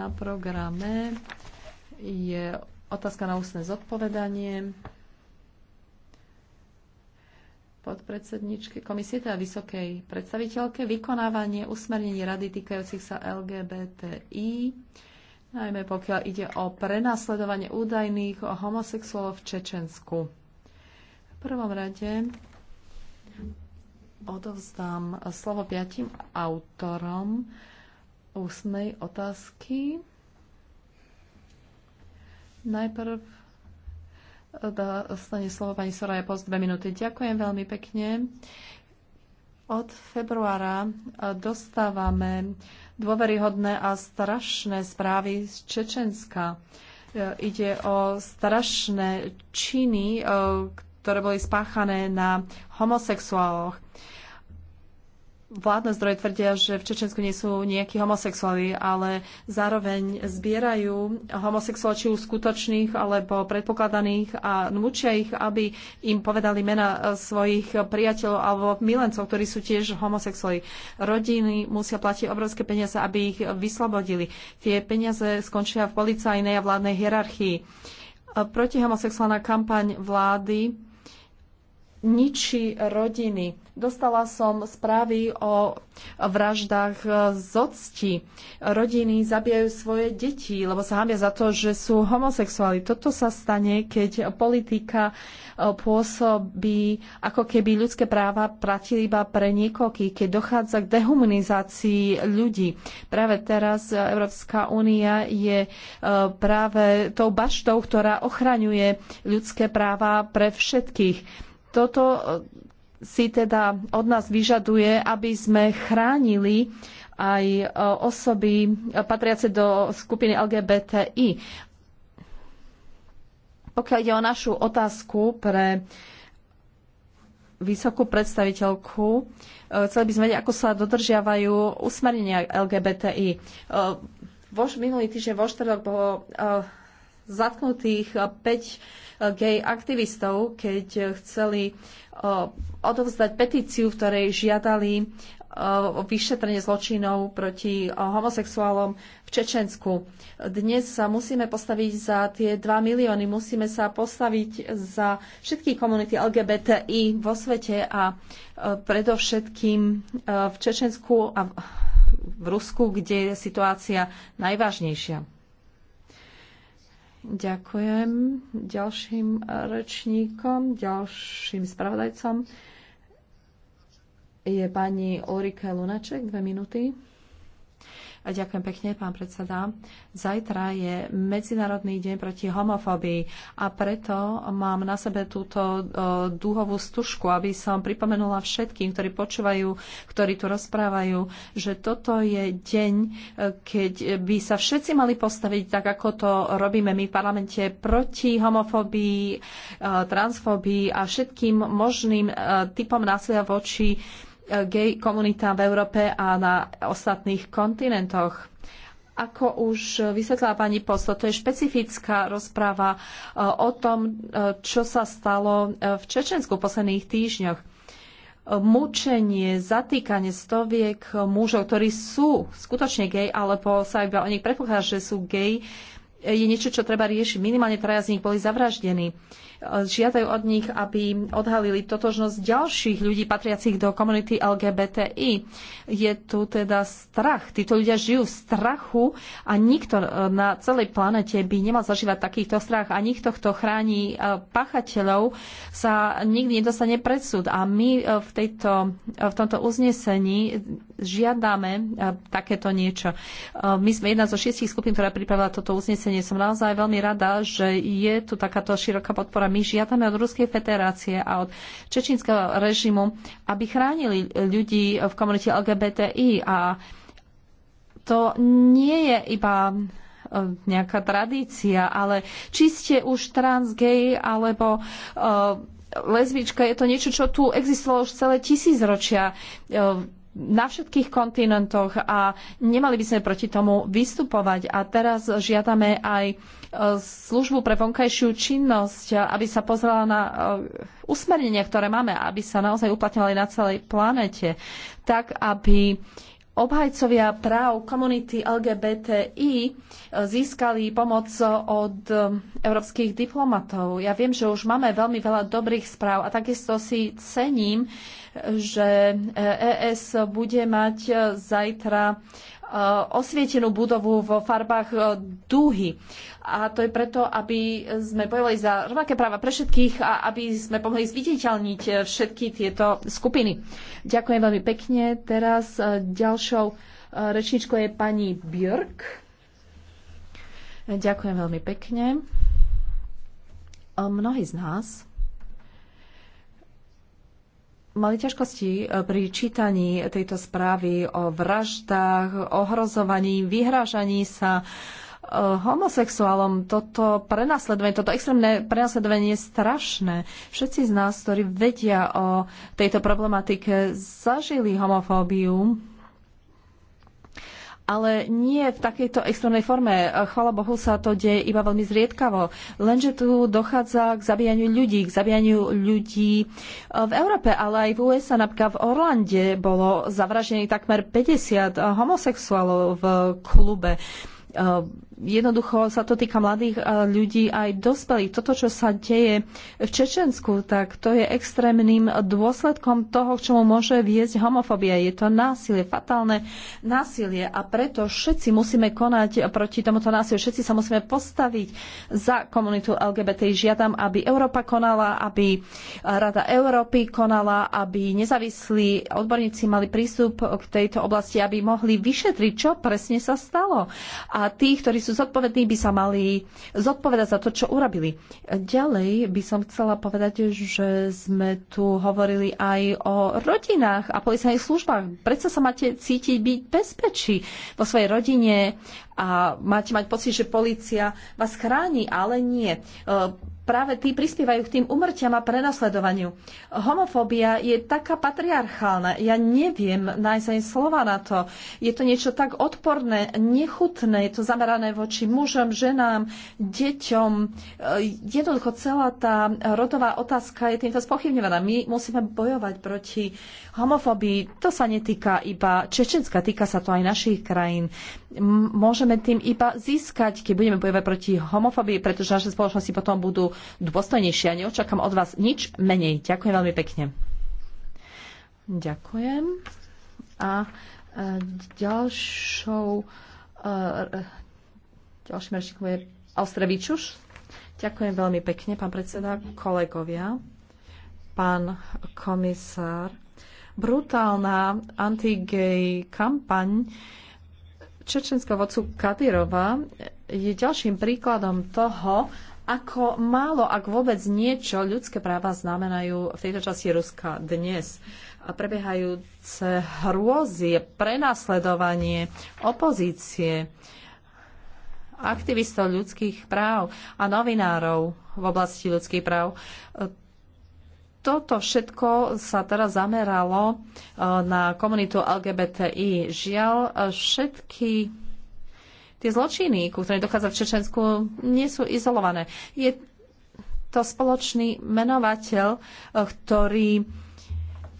Na programe je otázka na ústne zodpovedanie podpredsedničky komisie, teda vysokej predstaviteľke, vykonávanie usmernení rady týkajúcich sa LGBTI, najmä pokiaľ ide o prenasledovanie údajných o homosexuálov v Čečensku. V prvom rade odovzdám slovo piatim autorom ústnej otázky. Najprv eh, dostane slovo pani Soraya Post dve minúty. Ďakujem veľmi pekne. Od februára eh, dostávame dôveryhodné a strašné správy z Čečenska. Eh, ide o strašné činy, ktoré boli spáchané na homosexuáloch vládne zdroje tvrdia, že v Čečensku nie sú nejakí homosexuáli, ale zároveň zbierajú homosexuál či už skutočných alebo predpokladaných a nučia ich, aby im povedali mena svojich priateľov alebo milencov, ktorí sú tiež homosexuáli. Rodiny musia platiť obrovské peniaze, aby ich vyslobodili. Tie peniaze skončia v policajnej a vládnej hierarchii. Protihomosexuálna kampaň vlády ničí rodiny. Dostala som správy o vraždách z octi. Rodiny zabijajú svoje deti, lebo sa hámia za to, že sú homosexuáli. Toto sa stane, keď politika e, pôsobí, ako keby ľudské práva platili iba pre niekoľkých, keď dochádza k dehumanizácii ľudí. Práve teraz Európska únia je e, práve tou baštou, ktorá ochraňuje ľudské práva pre všetkých toto eh, si teda od nás vyžaduje, aby sme chránili aj eh, osoby eh, patriace do skupiny LGBTI. Pokiaľ ide o našu otázku pre vysokú predstaviteľku, chceli by sme vedieť, ako sa dodržiavajú usmernenia LGBTI. Vož, minulý týždeň vo štvrtok bolo uh, zatknutých 5 eh, eh, gay aktivistov, keď eh, chceli odovzdať petíciu, v ktorej žiadali vyšetrenie zločinov proti homosexuálom v Čečensku. Dnes sa musíme postaviť za tie 2 milióny, musíme sa postaviť za všetky komunity LGBTI vo svete a predovšetkým v Čečensku a v Rusku, kde je situácia najvážnejšia. Ďakujem ďalším rečníkom, ďalším spravodajcom. Je pani Ulrike Lunaček, dve minúty. A ďakujem pekne, pán predseda. Zajtra je Medzinárodný deň proti homofóbii a preto mám na sebe túto dúhovú stužku, aby som pripomenula všetkým, ktorí počúvajú, ktorí tu rozprávajú, že toto je deň, e, keď by sa všetci mali postaviť tak, ako to robíme my v parlamente proti homofóbii, e, transfóbii a všetkým možným e, typom násilia voči Eh, gay komunita v Európe a na ostatných kontinentoch. Ako už vysvetlila pani poslo, to je špecifická rozpráva eh, o tom, eh, čo sa stalo v Čečensku v posledných týždňoch mučenie, zatýkanie stoviek mužov, ktorí sú skutočne gej, alebo sa iba o nich predpokladá, že sú gej, je niečo, čo treba riešiť. Minimálne traja z nich boli zavraždení žiadajú od nich, aby odhalili totožnosť ďalších ľudí patriacich do komunity LGBTI. Je tu teda strach. Títo ľudia žijú v strachu a nikto e, na celej planete by nemal zažívať takýchto strach a nikto, kto chráni e, pachateľov, sa nikdy nedostane pred súd. A my e, v, tejto, v tomto uznesení žiadame e, takéto niečo. E, my sme jedna zo šiestich skupín, ktorá pripravila toto uznesenie. Som naozaj veľmi rada, že je tu takáto široká podpora. My žiadame od Ruskej federácie a od čečínskeho režimu, aby chránili ľudí v komunite LGBTI a to nie je iba e, nejaká tradícia, ale či ste už trans, gay alebo uh, lesbička, je to niečo, čo tu existovalo už celé tisícročia. Uh, na všetkých kontinentoch a nemali by sme proti tomu vystupovať. A teraz žiadame aj e, službu pre vonkajšiu činnosť, aby sa pozrela na e, usmernenia, ktoré máme, aby sa naozaj uplatňovali na celej planete, tak aby obhajcovia práv komunity LGBTI e, získali pomoc od e, európskych diplomatov. Ja viem, že už máme veľmi veľa dobrých správ a takisto si cením, že ES e bude mať zajtra Eh, osvietenú budovu vo farbách eh, dúhy. A to je preto, aby sme bojovali za rovnaké práva pre všetkých a aby sme pomohli zviditeľniť eh, všetky tieto skupiny. Ďakujem veľmi pekne. Teraz ďalšou rečničkou je pani Björk. Ďakujem veľmi pekne. Mnohí z nás mali ťažkosti e, pri čítaní tejto správy o vraždách, ohrozovaní, vyhrážaní sa e, homosexuálom. Toto prenasledovanie, toto extrémne prenasledovanie je strašné. Všetci z nás, ktorí vedia o tejto problematike, zažili homofóbiu ale nie v takejto extrémnej forme. Chvala Bohu sa to deje iba veľmi zriedkavo. Lenže tu dochádza k zabíjaniu ľudí, k zabíjaniu ľudí e, v Európe, ale aj v USA, napríklad v Orlande bolo zavražených takmer 50 homosexuálov v klube e, jednoducho sa to týka mladých eh, ľudí aj dospelých. Toto, čo sa deje v Čečensku, tak to je extrémnym dôsledkom toho, k čomu môže viesť homofobia. Je to násilie, fatálne násilie a preto všetci musíme konať proti tomuto násiliu. Všetci sa musíme postaviť za komunitu LGBT. Žiadam, aby Európa konala, aby Rada Európy konala, aby nezávislí odborníci mali prístup k tejto oblasti, aby mohli vyšetriť, čo presne sa stalo. A tí, ktorí sú sú zodpovední, by sa mali zodpovedať za to, čo urobili. Ďalej by som chcela povedať, že sme tu hovorili aj o rodinách a policajných službách. Prečo sa máte cítiť byť bezpečí vo svojej rodine a máte mať pocit, že policia vás chráni, ale nie práve tí prispievajú k tým umrťam a prenasledovaniu. Homofóbia je taká patriarchálna. Ja neviem nájsť ani slova na to. Je to niečo tak odporné, nechutné. Je to zamerané voči mužom, ženám, deťom. E, jednoducho celá tá rodová otázka je týmto spochybňovaná. My musíme bojovať proti homofóbii, to sa netýka iba Čečenska, týka sa to aj našich krajín. Môžeme tým iba získať, keď budeme bojovať proti homofóbii, pretože naše spoločnosti potom budú dôstojnejšie a neočakám od vás nič menej. Ďakujem veľmi pekne. Ďakujem. A e, ďalšou e, ďalším rečníkom je Austrevičuš. Ďakujem veľmi pekne, pán predseda, kolegovia, pán komisár brutálna anti-gay kampaň čečenského vodcu Kadyrova je ďalším príkladom toho, ako málo, ak vôbec niečo, ľudské práva znamenajú v tejto časti Ruska dnes. A prebiehajúce hrôzy, prenasledovanie opozície, aktivistov ľudských práv a novinárov v oblasti ľudských práv toto všetko sa teraz zameralo e, na komunitu LGBTI. Žiaľ, e, všetky tie zločiny, ku ktorým dochádza v Čečensku, nie sú izolované. Je to spoločný menovateľ, e, ktorý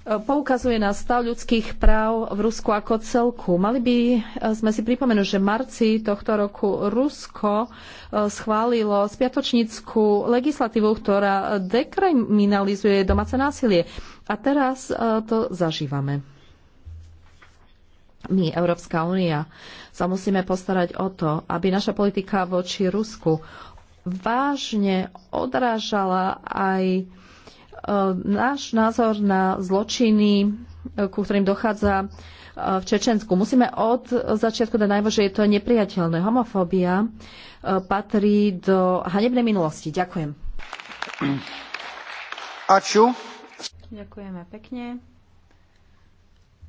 E, poukazuje na stav ľudských práv v Rusku ako celku. Mali by e, sme si pripomenúť, že v marci tohto roku Rusko e, schválilo spiatočníckú legislatívu, ktorá dekriminalizuje domáce násilie. A teraz to zažívame. My, Európska únia, sa musíme postarať o to, aby naša politika voči Rusku vážne odrážala aj E, náš názor na zločiny, e, ku ktorým dochádza e, v Čečensku. Musíme od začiatku dať najvo, že je to nepriateľné. Homofóbia patrí do hanebnej minulosti. Ďakujem. Aču. Ďakujeme pekne.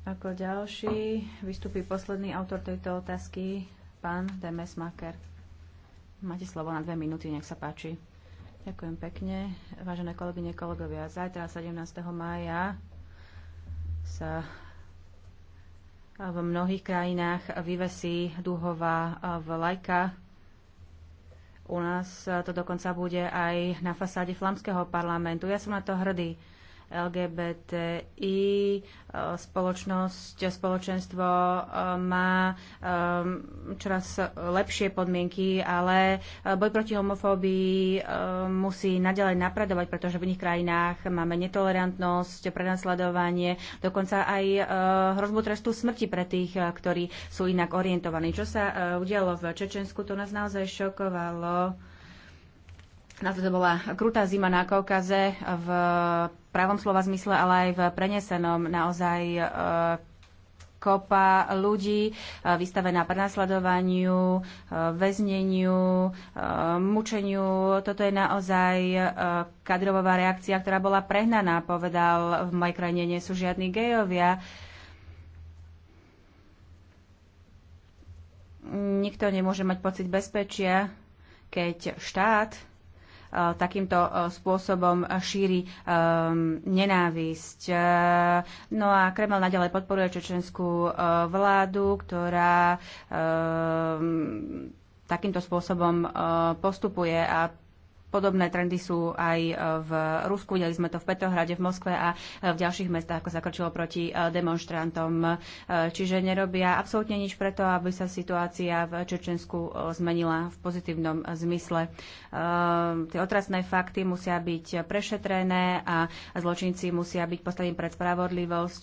Ako ďalší vystupí posledný autor tejto otázky, pán Demes Maker. Máte slovo na dve minúty, nech sa páči. Ďakujem pekne. Vážené kolegyne, kolegovia, zajtra 17. mája sa v mnohých krajinách vyvesí duhová vlajka. U nás to dokonca bude aj na fasáde flamského parlamentu. Ja som na to hrdý. LGBTI e, spoločnosť, spoločenstvo e, má e, čoraz lepšie podmienky, ale boj proti homofóbii musí naďalej napredovať, pretože v iných krajinách máme netolerantnosť, prenasledovanie, dokonca aj hrozbu trestu smrti pre tých, ktorí sú inak orientovaní. Čo sa udialo v Čečensku, to nás naozaj šokovalo. Na to bola krutá zima na Kaukaze v pravom slova zmysle, ale aj v prenesenom naozaj e, kopa ľudí e, vystavená prenasledovaniu, e, väzneniu, mučeniu. Toto je naozaj kadrová reakcia, ktorá bola prehnaná, povedal. V mojej krajine nie sú žiadni gejovia. Nikto nemôže mať pocit bezpečia, keď štát Eh, takýmto eh, spôsobom šíri eh, nenávisť. No a Kreml nadalej podporuje čečenskú vládu, ktorá takýmto spôsobom postupuje a Podobné trendy sú aj e, v Rusku, videli sme to v Petrohrade, v Moskve a e, v ďalších mestách, ako zakročilo proti e, demonstrantom. Čiže nerobia absolútne nič preto, aby sa situácia v Čečensku zmenila v pozitívnom zmysle. Tie otrasné fakty musia byť prešetrené a zločinci musia byť postavení pred spravodlivosť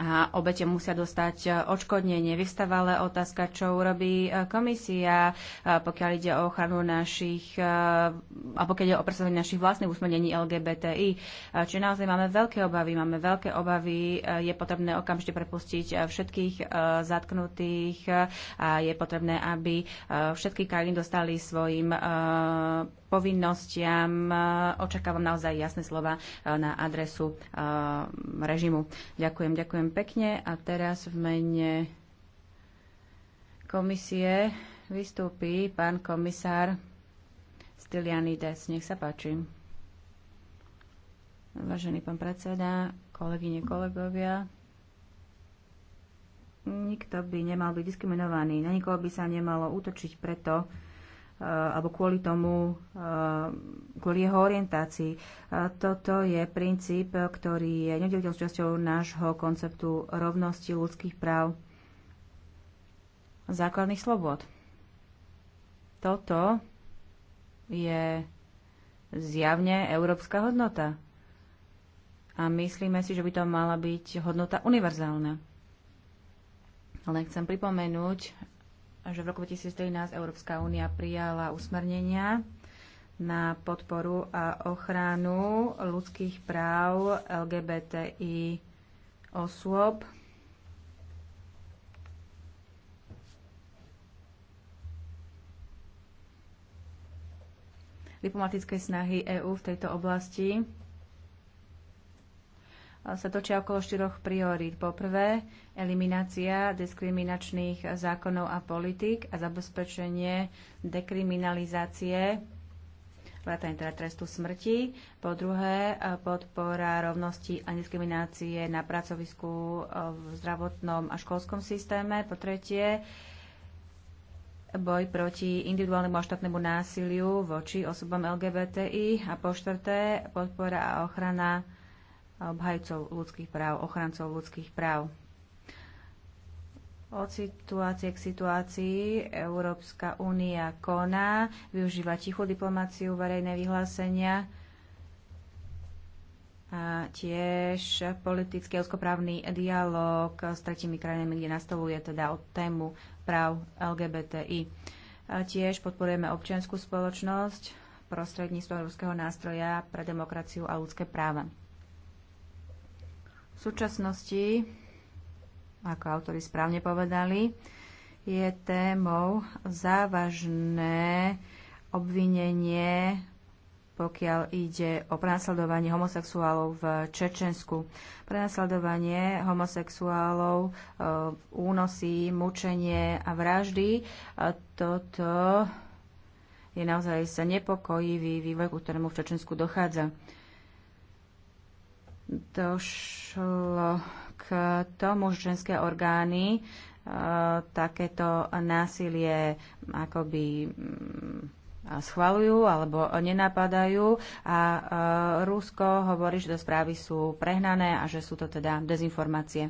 a obete musia dostať e, odškodnenie. Vystáva ale otázka, čo urobí e, komisia, e, pokiaľ ide o ochranu našich, a pokiaľ ide o presadzovanie našich vlastných usmernení LGBTI. Čiže naozaj máme veľké obavy, máme veľké obavy, je potrebné okamžite prepustiť všetkých zatknutých a je potrebné, aby všetky krajiny dostali svojim povinnostiam. E, očakávam naozaj jasné slova e, na adresu e, režimu. Ďakujem, ďakujem pekne. A teraz v mene komisie vystúpi pán komisár Stylianides. Nech sa páči. Vážený pán predseda, kolegyne, kolegovia, nikto by nemal byť diskriminovaný, na nikoho by sa nemalo útočiť preto, Eh, alebo kvôli tomu, eh, kvôli jeho orientácii. Toto je princíp, ktorý je nedeliteľ časťou nášho konceptu rovnosti ľudských práv základných slobod. Toto je zjavne európska hodnota. A myslíme si, že by to mala byť hodnota univerzálna. Len chcem pripomenúť, že v roku 2013 Európska únia prijala usmernenia na podporu a ochranu ľudských práv LGBTI osôb. Diplomatické snahy EÚ v tejto oblasti sa točia okolo štyroch priorít. Poprvé, eliminácia diskriminačných zákonov a politik a zabezpečenie dekriminalizácie vrátane teda trestu smrti. Po druhé, podpora rovnosti a diskriminácie na pracovisku v zdravotnom a školskom systéme. Po tretie, boj proti individuálnemu a štátnemu násiliu voči osobám LGBTI. A po štvrté, podpora a ochrana obhajcov ľudských práv, ochrancov ľudských práv. Od situácie k situácii Európska únia koná, využíva tichú diplomáciu, verejné vyhlásenia a tiež politický oskoprávny dialog s tretimi krajinami, kde nastavuje teda od tému práv LGBTI. A tiež podporujeme občianskú spoločnosť prostredníctvom Európskeho nástroja pre demokraciu a ľudské práva. V súčasnosti, ako autori správne povedali, je témou závažné obvinenie pokiaľ ide o prenasledovanie homosexuálov v Čečensku. Prenasledovanie homosexuálov, eh, únosy, mučenie a vraždy, eh, toto je naozaj sa nepokojivý vývoj, ku ktorému v Čečensku dochádza došlo k tomu, že ženské orgány e, takéto násilie akoby mm, schvalujú alebo nenapadajú a e, Rusko hovorí, že do správy sú prehnané a že sú to teda dezinformácie.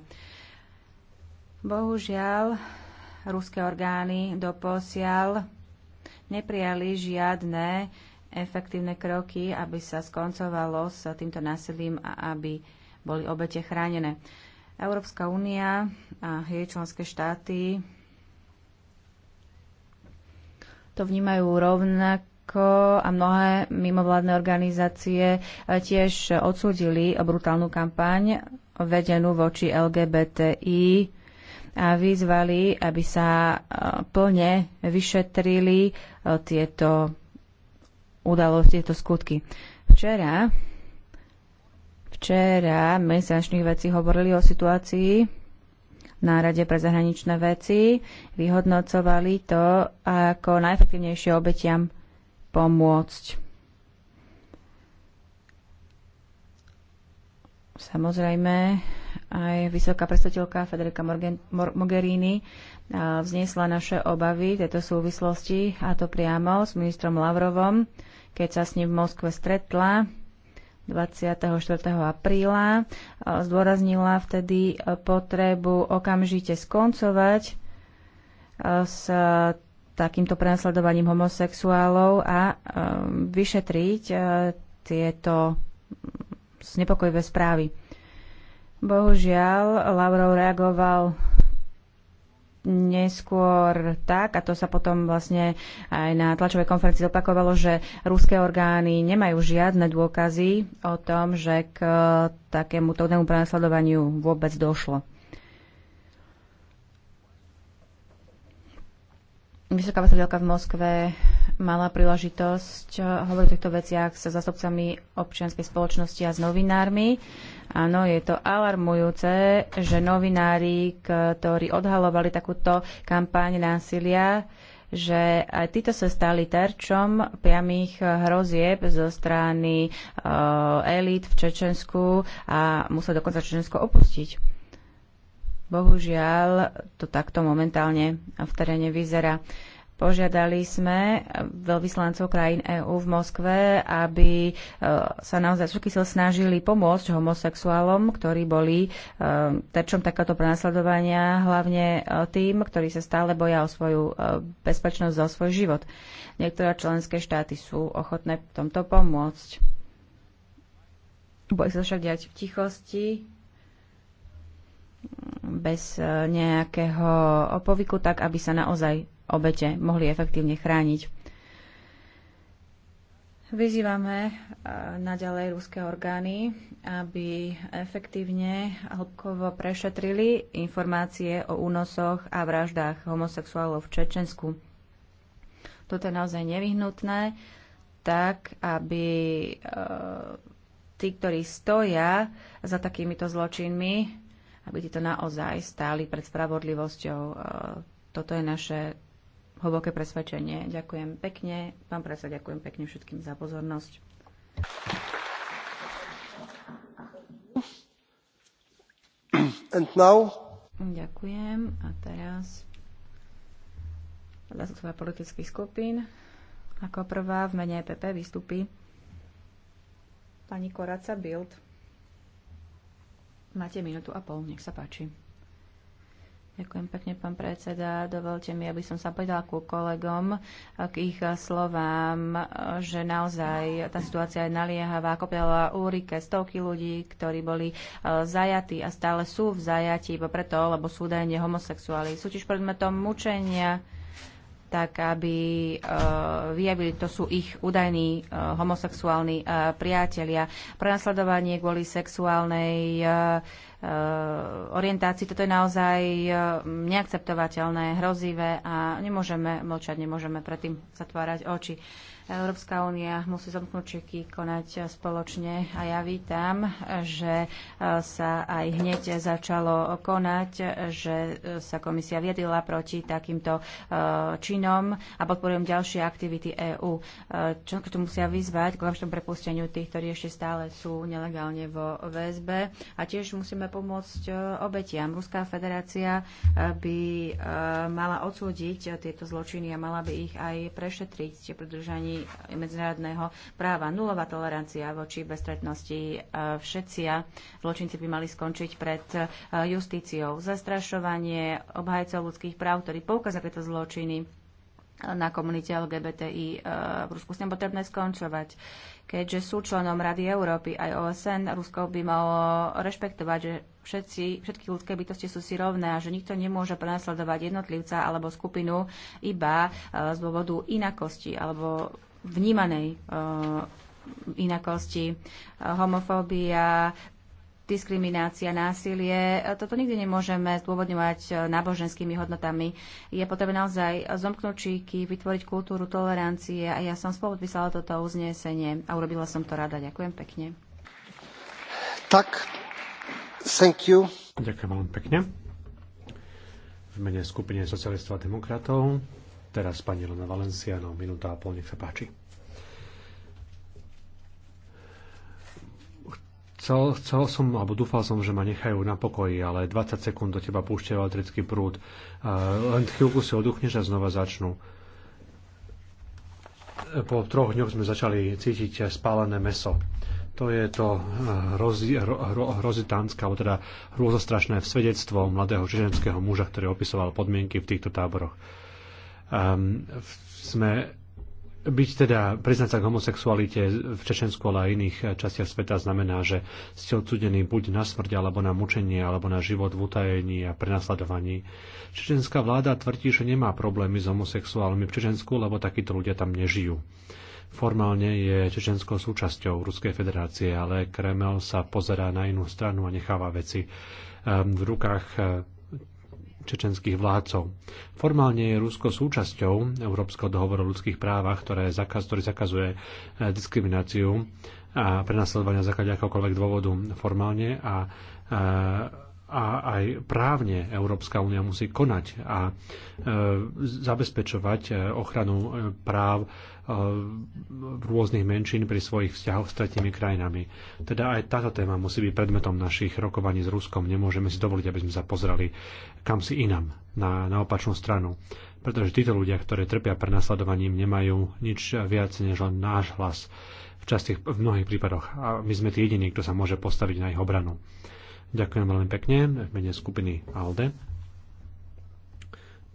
Bohužiaľ, ruské orgány doposiaľ neprijali žiadne uh, efektívne kroky, aby sa skoncovalo s týmto násilím a aby boli obete chránené. Európska únia a jej členské štáty to vnímajú rovnako a mnohé mimovládne organizácie tiež odsúdili brutálnu kampaň vedenú voči LGBTI a vyzvali, aby sa plne vyšetrili e, tieto udalosti, tieto skutky. Včera, včera mesačných vecí hovorili o situácii na Rade pre zahraničné veci, vyhodnocovali to ako najefektívnejšie obetiam pomôcť. Samozrejme, aj vysoká predstaviteľka Federica Mogherini vzniesla naše obavy tejto súvislosti, a to priamo s ministrom Lavrovom, keď sa s ním v Moskve stretla 24. apríla. Zdôraznila vtedy potrebu okamžite skoncovať s takýmto prenasledovaním homosexuálov a vyšetriť tieto znepokojivé správy. Bohužiaľ, Lavrov reagoval neskôr tak, a to sa potom vlastne aj na tlačovej konferencii opakovalo, že ruské orgány nemajú žiadne dôkazy o tom, že k takémuto údajnému prenasledovaniu vôbec došlo. Vysoká predstaviteľka v Moskve mala príležitosť hovoriť o týchto veciach sa zastupcami občianskej spoločnosti a s novinármi. Áno, je to alarmujúce, že novinári, ktorí odhalovali takúto kampaň násilia, že aj títo sa stali terčom priamých hrozieb zo strany e, elít v Čečensku a museli dokonca Čečensko opustiť. Bohužiaľ, to takto momentálne v teréne vyzerá. Požiadali sme veľvyslancov krajín EÚ v Moskve, aby e, sa naozaj všetky sa snažili pomôcť homosexuálom, ktorí boli e, terčom takéto prenasledovania, hlavne e, tým, ktorí sa stále boja o svoju bezpečnosť, o svoj život. Niektoré členské štáty sú ochotné v tomto pomôcť. Boj sa však diať v tichosti, bez e, nejakého opoviku, tak aby sa naozaj obete mohli efektívne chrániť. Vyzývame e, naďalej ruské orgány, aby efektívne hĺbkovo prešetrili informácie o únosoch a vraždách homosexuálov v Čečensku. Toto je naozaj nevyhnutné, tak aby e, tí, ktorí stoja za takýmito zločinmi, aby títo naozaj stáli pred spravodlivosťou. E, toto je naše hlboké presvedčenie. Ďakujem pekne. Pán predseda, ďakujem pekne všetkým za pozornosť. And now? Ďakujem. A teraz zástupcovia politických skupín. Ako prvá v mene EPP vystupí pani Koraca Bild. Máte minútu a pol, nech sa páči. Ďakujem pekne, pán predseda. Dovolte mi, aby som sa povedala ku kolegom k ich slovám, že naozaj tá situácia je naliehavá. Ako povedala Úrike, stovky ľudí, ktorí boli e, zajatí a stále sú v zajatí, preto, lebo sú údajne homosexuáli. Sú tiež predmetom mučenia tak aby e, vyjavili, to sú ich údajní e, homosexuálni e, priatelia. Prenasledovanie kvôli sexuálnej orientácii, toto je naozaj neakceptovateľné, hrozivé a nemôžeme mlčať, nemôžeme predtým zatvárať oči. Európska únia musí zomknúť čeky, konať spoločne a ja vítam, že e, sa aj hneď začalo konať, že e, sa komisia viedila proti takýmto e, činom a podporujem ďalšie aktivity EÚ. Čo to musia vyzvať k vašom prepusteniu tých, ktorí ešte stále sú nelegálne vo VSB a tiež musíme pomôcť obetiam. Ruská federácia by mala odsúdiť tieto zločiny a mala by ich aj prešetriť pri držaní medzinárodného práva. Nulová tolerancia voči bezstretnosti e, a Zločinci by mali skončiť pred e, justíciou. Zastrašovanie obhajcov ľudských práv, ktorí poukazujú tieto zločiny e, na komunite LGBTI v Rusku s tým potrebné skončovať. Keďže sú členom Rady Európy aj OSN, Rusko by malo rešpektovať, že všetci, všetky ľudské bytosti sú si rovné a že nikto nemôže prenasledovať jednotlivca alebo skupinu iba z dôvodu inakosti alebo vnímanej eh, inakosti, homofóbia, diskriminácia, násilie. Eh, toto nikdy nemôžeme zdôvodňovať eh, náboženskými hodnotami. Je potrebné naozaj zomknúť číky, vytvoriť kultúru tolerancie a ja som spolupísala toto uznesenie a urobila som to rada. Ďakujem pekne. Tak, thank you. Ďakujem veľmi pekne. V mene skupine socialistov a demokratov Teraz pani Valencia, no minúta a pol, nech sa páči. Chcel, chcel som, alebo dúfal som, že ma nechajú na pokoji, ale 20 sekúnd do teba púšťa elektrický prúd. len chvíľku si oduchneš a znova začnú. Po troch dňoch sme začali cítiť spálené meso. To je to eh, hrozitánske, alebo teda hrôzostrašné svedectvo mladého čiženského muža, ktorý opisoval podmienky v týchto táboroch um, sme byť teda, priznať sa k homosexualite v Čečensku, ale aj iných eh, častiach sveta znamená, že ste odsudení buď na smrť, alebo na mučenie, alebo na život v utajení a prenasledovaní. Čečenská vláda tvrdí, že nemá problémy s homosexuálmi v Čečensku, lebo takíto ľudia tam nežijú. Formálne je Čečensko súčasťou Ruskej federácie, ale Kreml sa pozerá na inú stranu a necháva veci ehm, v rukách eh, čečenských vládcov. Formálne je Rusko súčasťou Európskeho dohovoru o ľudských právach, ktoré zakaz, ktorý zakazuje e, diskrimináciu a prenasledovania základe akokoľvek dôvodu formálne a e, a aj právne Európska únia musí konať a e, zabezpečovať e, ochranu e, práv e, rôznych menšín pri svojich vzťahoch s tretimi krajinami. Teda aj táto téma musí byť predmetom našich rokovaní s Ruskom. Nemôžeme si dovoliť, aby sme sa pozreli kam si inam, na, na opačnú stranu. Pretože títo ľudia, ktoré trpia prenasledovaním, nemajú nič viac než len náš hlas v, častých, v mnohých prípadoch. A my sme tí jediní, kto sa môže postaviť na ich obranu. Ďakujem veľmi pekne v mene skupiny ALDE.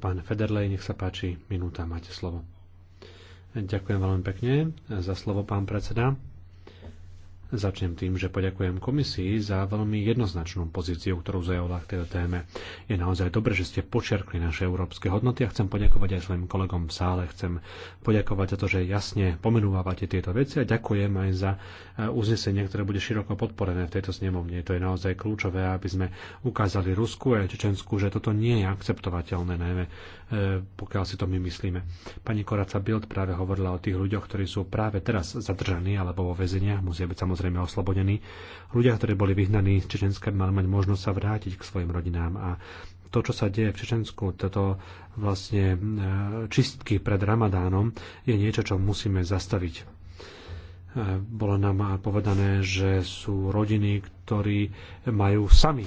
Pán Federlej, nech sa páči, minúta, máte slovo. Ďakujem veľmi pekne za slovo, pán predseda. Začnem tým, že poďakujem komisii za veľmi jednoznačnú pozíciu, ktorú zaujala k tejto téme. Je naozaj dobré, že ste počerkli naše európske hodnoty a chcem poďakovať aj svojim kolegom v sále. Chcem poďakovať za to, že jasne pomenúvate tieto veci a ďakujem aj za eh, uznesenie, ktoré bude široko podporené v tejto snemovne. To je naozaj kľúčové, aby sme ukázali Rusku a Čečensku, že toto nie je akceptovateľné, najmä E, pokiaľ si to my myslíme. Pani Koraca Bild práve hovorila o tých ľuďoch, ktorí sú práve teraz zadržaní alebo vo väzeniach, musia byť samozrejme oslobodení. Ľudia, ktorí boli vyhnaní z Čečenska, mali mať možnosť sa vrátiť k svojim rodinám a to, čo sa deje v Čečensku, toto vlastne e, čistky pred Ramadánom, je niečo, čo musíme zastaviť. Bolo nám povedané, že sú rodiny, ktorí majú sami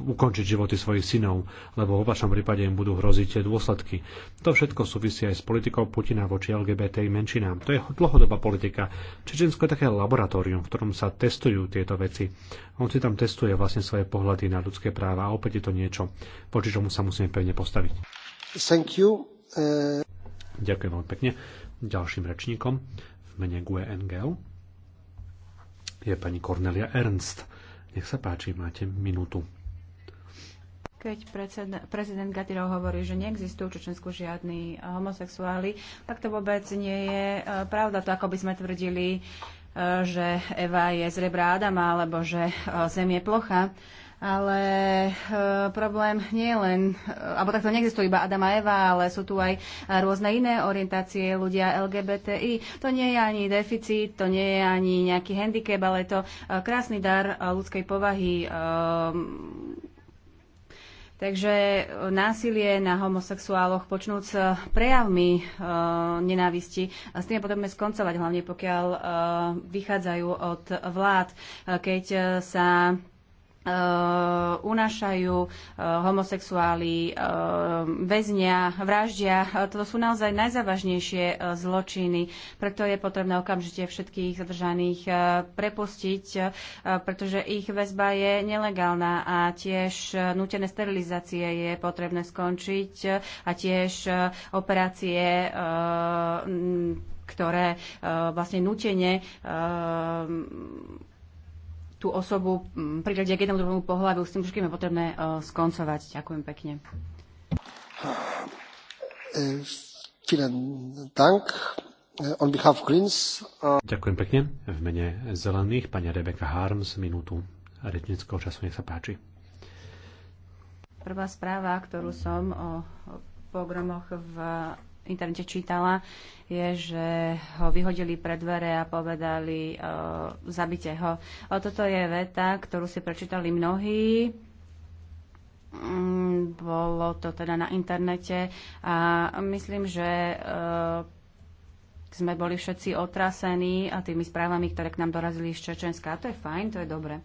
ukončiť životy svojich synov, lebo v opačnom prípade im budú hroziť dôsledky. To všetko súvisí aj s politikou Putina voči LGBT menšinám. To je dlhodobá politika. Čečensko je také laboratórium, v ktorom sa testujú tieto veci. On si tam testuje vlastne svoje pohľady na ľudské práva a opäť je to niečo, voči čomu sa musíme pevne postaviť. Thank you. Uh... Ďakujem veľmi pekne. Ďalším rečníkom mene GUE Engel. je pani Cornelia Ernst. Nech sa páči, máte minútu. Keď prezident Gadirov hovorí, že neexistujú v Čečensku žiadni eh, homosexuáli, tak to vôbec nie je eh, pravda. To ako by sme tvrdili, eh, že Eva je z rebra Adama, alebo že Zem je plocha. Ale e, problém nie je len, e, alebo takto neexistujú iba Adam a Eva, ale sú tu aj e, rôzne iné orientácie ľudia LGBTI. To nie je ani deficit, to nie je ani nejaký handicap, ale je to e, krásny dar e, ľudskej povahy. E, Takže e, násilie na homosexuáloch počnúc prejavmi e, nenávisti a s tým je potrebné skoncovať, hlavne pokiaľ e, vychádzajú od vlád, keď sa uh, unášajú uh, homosexuáli, uh, väznia, vraždia. To sú naozaj najzávažnejšie uh, zločiny. Preto je potrebné okamžite všetkých zadržaných uh, prepustiť, uh, pretože ich väzba je nelegálna a tiež uh, nutené sterilizácie je potrebné skončiť uh, a tiež uh, operácie uh, ktoré uh, vlastne nutene uh, tú osobu priradia k jednému druhému pohľadu, s tým všetkým je potrebné e, skoncovať. Ďakujem pekne. E, Ďakujem pekne. V mene zelených pani Rebeka Harms minútu retnického času. Nech sa páči. Prvá správa, ktorú som o pogromoch v internete čítala, je, že ho vyhodili pred dvere a povedali, uh, zabite ho. O, toto je veta, ktorú si prečítali mnohí. Mm, bolo to teda na internete a myslím, že uh, sme boli všetci otrasení a tými správami, ktoré k nám dorazili z Čečenska. A to je fajn, to je dobre. Uh,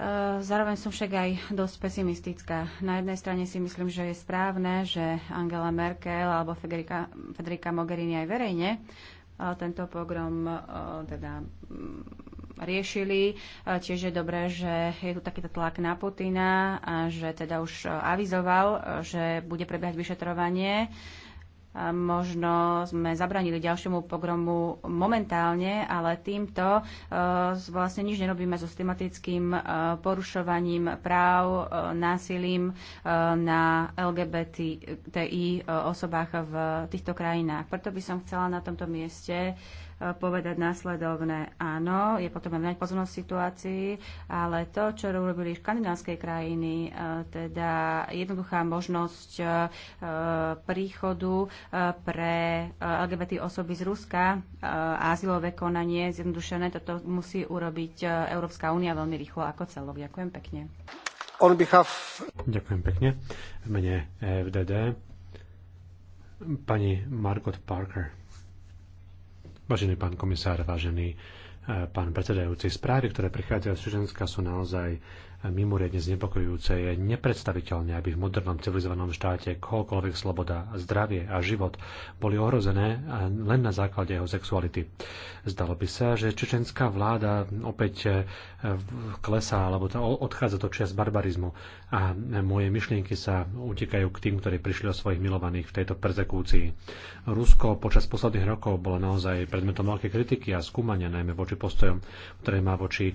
Eh, zároveň som však aj dosť pesimistická. Na jednej strane si myslím, že je správne, že Angela Merkel alebo Federica, Federica Mogherini aj verejne eh, tento pogrom eh, teda mm, riešili. Tiež je dobré, že je tu takýto tlak na Putina a že teda už avizoval, že bude prebiehať vyšetrovanie možno sme zabranili ďalšiemu pogromu momentálne, ale týmto e, vlastne nič nerobíme so systematickým e, porušovaním práv, e, násilím na LGBTI osobách v týchto krajinách. Preto by som chcela na tomto mieste povedať následovné. Áno, je potrebné mať pozornosť situácii, ale to, čo robili škandinávskej krajiny, e, teda jednoduchá možnosť e, príchodu e, pre LGBT osoby z Ruska azylové konanie zjednodušené, toto musí urobiť Európska únia veľmi rýchlo ako celok. Ďakujem pekne. On behalf... Ďakujem pekne. V mene FDD pani Margot Parker. Vážený pán komisár, vážený eh, pán predsedajúci, správy, ktoré prichádzajú z Čečenska, sú naozaj mimoriadne znepokojujúce. Je nepredstaviteľné, aby v modernom civilizovanom štáte kohokoľvek sloboda, zdravie a život boli ohrozené len na základe jeho sexuality. Zdalo by sa, že čečenská vláda opäť e, klesá, alebo to odchádza to čas barbarizmu a moje myšlienky sa utekajú k tým, ktorí prišli o svojich milovaných v tejto persekúcii. Rusko počas posledných rokov bolo naozaj predmetom veľkej kritiky a skúmania najmä voči postojom, ktoré má voči e,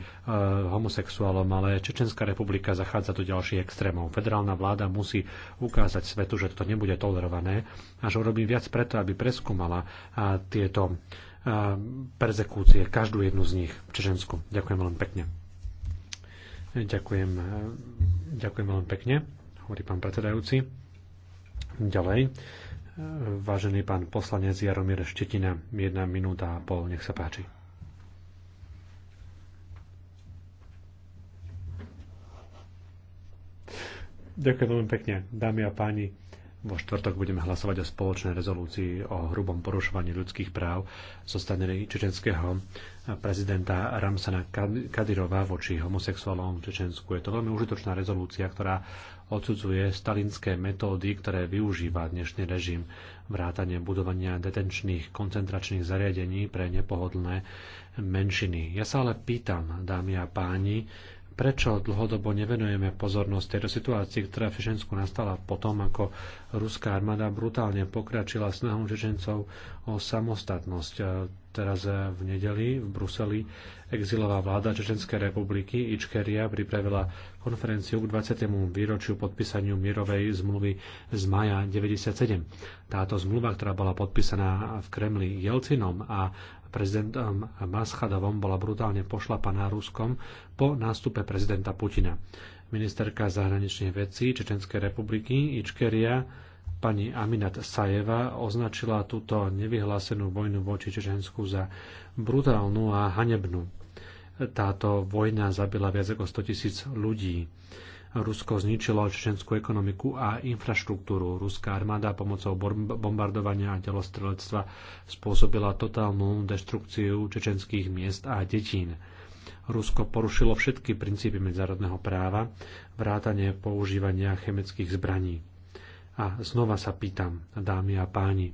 homosexuálom, ale čečenská Slovenská republika zachádza do ďalších extrémov. Federálna vláda musí ukázať svetu, že to nebude tolerované a že urobím viac preto, aby preskúmala tieto perzekúcie, každú jednu z nich v Čežensku. Ďakujem veľmi pekne. Ďakujem, ďakujem veľmi pekne, hovorí pán predsedajúci. Ďalej, vážený pán poslanec Jaromír Štetina, jedna minúta a pol, nech sa páči. Ďakujem veľmi pekne, dámy a páni. Vo štvrtok budeme hlasovať o spoločnej rezolúcii o hrubom porušovaní ľudských práv zo strany čečenského prezidenta Ramsana Kadirova voči homosexuálom v Čečensku. Je to veľmi užitočná rezolúcia, ktorá odsudzuje stalinské metódy, ktoré využíva dnešný režim, vrátanie budovania detenčných koncentračných zariadení pre nepohodlné menšiny. Ja sa ale pýtam, dámy a páni, prečo dlhodobo nevenujeme pozornosť tejto situácii, ktorá v Čečensku nastala potom, ako ruská armáda brutálne pokračila snahom Čečencov o samostatnosť. Teraz v nedeli v Bruseli exilová vláda Čečenskej republiky Ičkeria pripravila konferenciu k 20. výročiu podpísaniu mierovej zmluvy z maja 97. Táto zmluva, ktorá bola podpísaná v Kremli Jelcinom a prezidentom Maschadovom bola brutálne pošlapaná Ruskom po nástupe prezidenta Putina. Ministerka zahraničných vecí Čečenskej republiky Ičkeria pani Aminat Sajeva označila túto nevyhlásenú vojnu voči Čečensku za brutálnu a hanebnú. Táto vojna zabila viac ako 100 tisíc ľudí Rusko zničilo čečenskú ekonomiku a infraštruktúru. Ruská armáda pomocou bombardovania a delostrelectva spôsobila totálnu deštrukciu čečenských miest a detín. Rusko porušilo všetky princípy medzárodného práva, vrátanie používania chemických zbraní. A znova sa pýtam, dámy a páni,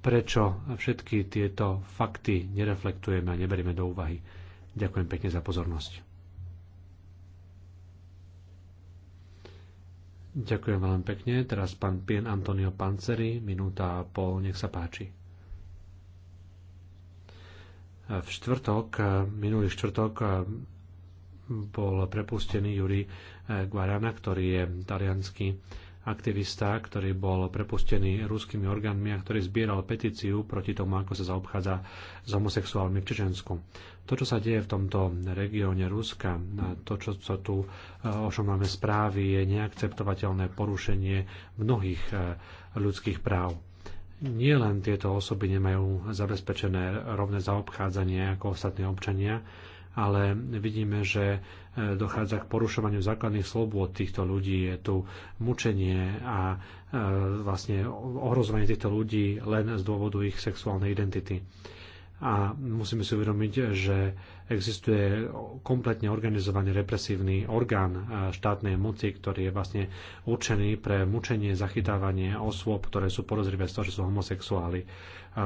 prečo všetky tieto fakty nereflektujeme a neberieme do úvahy. Ďakujem pekne za pozornosť. Ďakujem veľmi pekne. Teraz pán Pien Antonio Panceri, minúta a pol, nech sa páči. V štvrtok, minulý štvrtok bol prepustený Juri Guarana, ktorý je talianský aktivista, ktorý bol prepustený ruskými orgánmi a ktorý zbieral petíciu proti tomu, ako sa zaobchádza s homosexuálmi v Čečensku. To, čo sa deje v tomto regióne Ruska, to, čo sa tu, e, o čom máme správy, je neakceptovateľné porušenie mnohých e, ľudských práv. Nie len tieto osoby nemajú zabezpečené rovné zaobchádzanie ako ostatní občania, ale vidíme, že e, dochádza k porušovaniu základných slobôd týchto ľudí. Je tu mučenie a e, vlastne ohrozovanie týchto ľudí len z dôvodu ich sexuálnej identity. A musíme si uvedomiť, že existuje kompletne organizovaný represívny orgán e, štátnej moci, ktorý je vlastne určený pre mučenie, zachytávanie osôb, ktoré sú podozrivé z toho, že sú homosexuáli. E,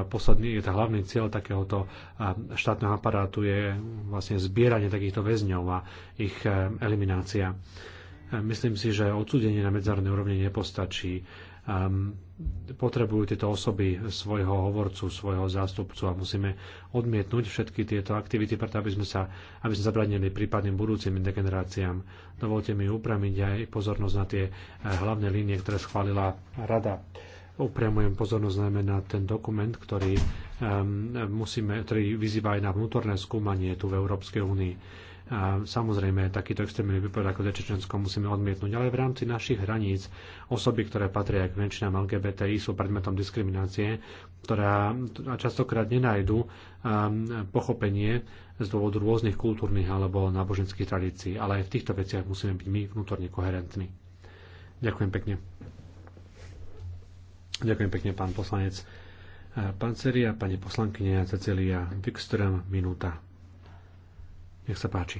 posledný, je to hlavný cieľ takéhoto e, štátneho aparátu je vlastne zbieranie takýchto väzňov a ich eliminácia. Myslím si, že odsúdenie na medzárodnej úrovni nepostačí ehm, potrebujú tieto osoby svojho hovorcu, svojho zástupcu a musíme odmietnúť všetky tieto aktivity, preto aby sme sa aby sme zabranili prípadným budúcim degeneráciám. Dovolte mi upramiť aj pozornosť na tie eh, hlavné línie, ktoré schválila Rada. Upriamujem pozornosť najmä na ten dokument, ktorý, um, musíme, ktorý vyzýva aj na vnútorné skúmanie tu v Európskej únii a samozrejme, takýto extrémny výpad ako Čečensko musíme odmietnúť, ale v rámci našich hraníc osoby, ktoré patria k menšinám LGBTI, sú predmetom diskriminácie, ktorá častokrát nenájdu um, pochopenie z dôvodu rôznych kultúrnych alebo náboženských tradícií. Ale aj v týchto veciach musíme byť my vnútorne koherentní. Ďakujem pekne. Ďakujem pekne, pán poslanec. Eh, pán Ceria, pani poslankyňa Cecilia Wikström, minúta. Nech sa páči.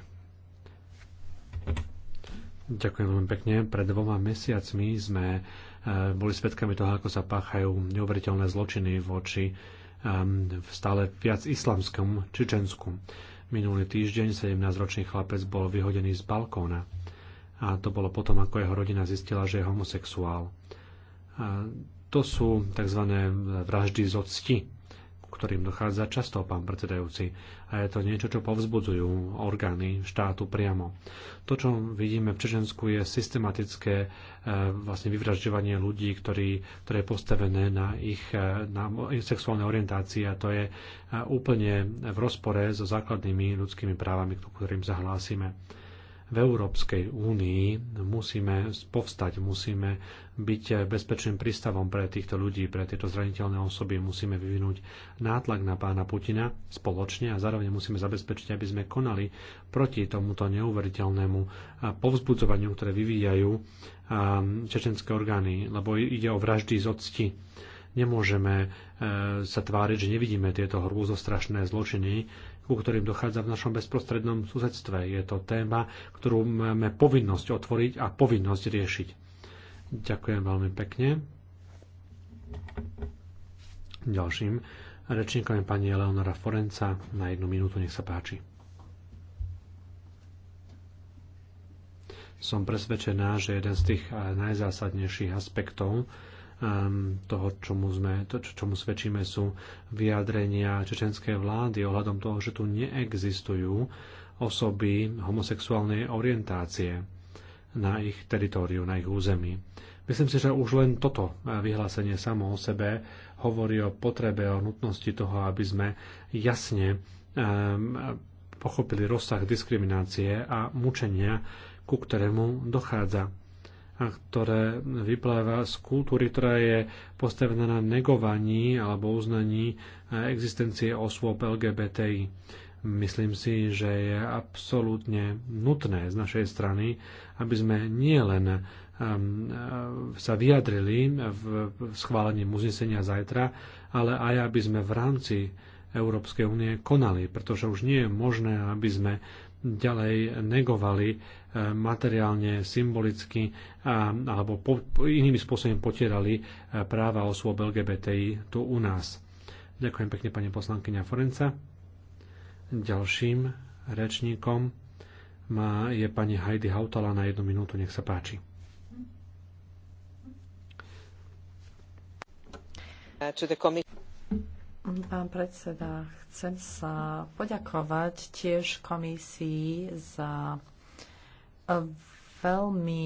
Ďakujem veľmi pekne. Pred dvoma mesiacmi sme e, boli svedkami toho, ako sa páchajú neuveriteľné zločiny voči e, v stále viac islamskom Čečensku. Minulý týždeň 17-ročný chlapec bol vyhodený z balkóna. A to bolo potom, ako jeho rodina zistila, že je homosexuál. A to sú tzv. vraždy z octi ktorým dochádza často, pán predsedajúci. A je to niečo, čo povzbudzujú orgány štátu priamo. To, čo vidíme v Čečensku, je systematické e, vlastne vyvražďovanie ľudí, ktorý, ktoré je postavené na ich, e, na ich sexuálne orientácie a to je e, úplne v rozpore so základnými ľudskými právami, ktorým zahlásime v Európskej únii musíme povstať, musíme byť bezpečným prístavom pre týchto ľudí, pre tieto zraniteľné osoby, musíme vyvinúť nátlak na pána Putina spoločne a zároveň musíme zabezpečiť, aby sme konali proti tomuto neuveriteľnému povzbudzovaniu, ktoré vyvíjajú um, čečenské orgány, lebo ide o vraždy z octi nemôžeme uh, sa tváriť, že nevidíme tieto hrôzostrašné zločiny, ku ktorým dochádza v našom bezprostrednom susedstve. Je to téma, ktorú máme povinnosť otvoriť a povinnosť riešiť. Ďakujem veľmi pekne. Ďalším rečníkom je pani Eleonora Forenca. Na jednu minútu nech sa páči. Som presvedčená, že jeden z tých najzásadnejších aspektov, Ehm, toho, čomu, sme, to, čomu svedčíme, sú vyjadrenia čečenskej vlády ohľadom toho, že tu neexistujú osoby homosexuálnej orientácie na ich teritóriu, na ich území. Myslím si, že už len toto eh, vyhlásenie samo o sebe hovorí o potrebe, o nutnosti toho, aby sme jasne ehm, pochopili rozsah diskriminácie a mučenia, ku ktorému dochádza ktoré vypláva z kultúry, ktorá je postavená na negovaní alebo uznaní e, existencie osôb LGBTI. Myslím si, že je absolútne nutné z našej strany, aby sme nielen e, e, sa vyjadrili v schválení uznesenia zajtra, ale aj aby sme v rámci Európskej únie konali, pretože už nie je možné, aby sme ďalej negovali materiálne, symbolicky alebo po, inými spôsobmi potierali e, práva osôb LGBTI tu u nás. Ďakujem pekne pani poslankyňa Forenca. Ďalším rečníkom má, je pani Heidi Hautala na jednu minútu. Nech sa páči. Pán predseda, chcem sa poďakovať tiež komisii za veľmi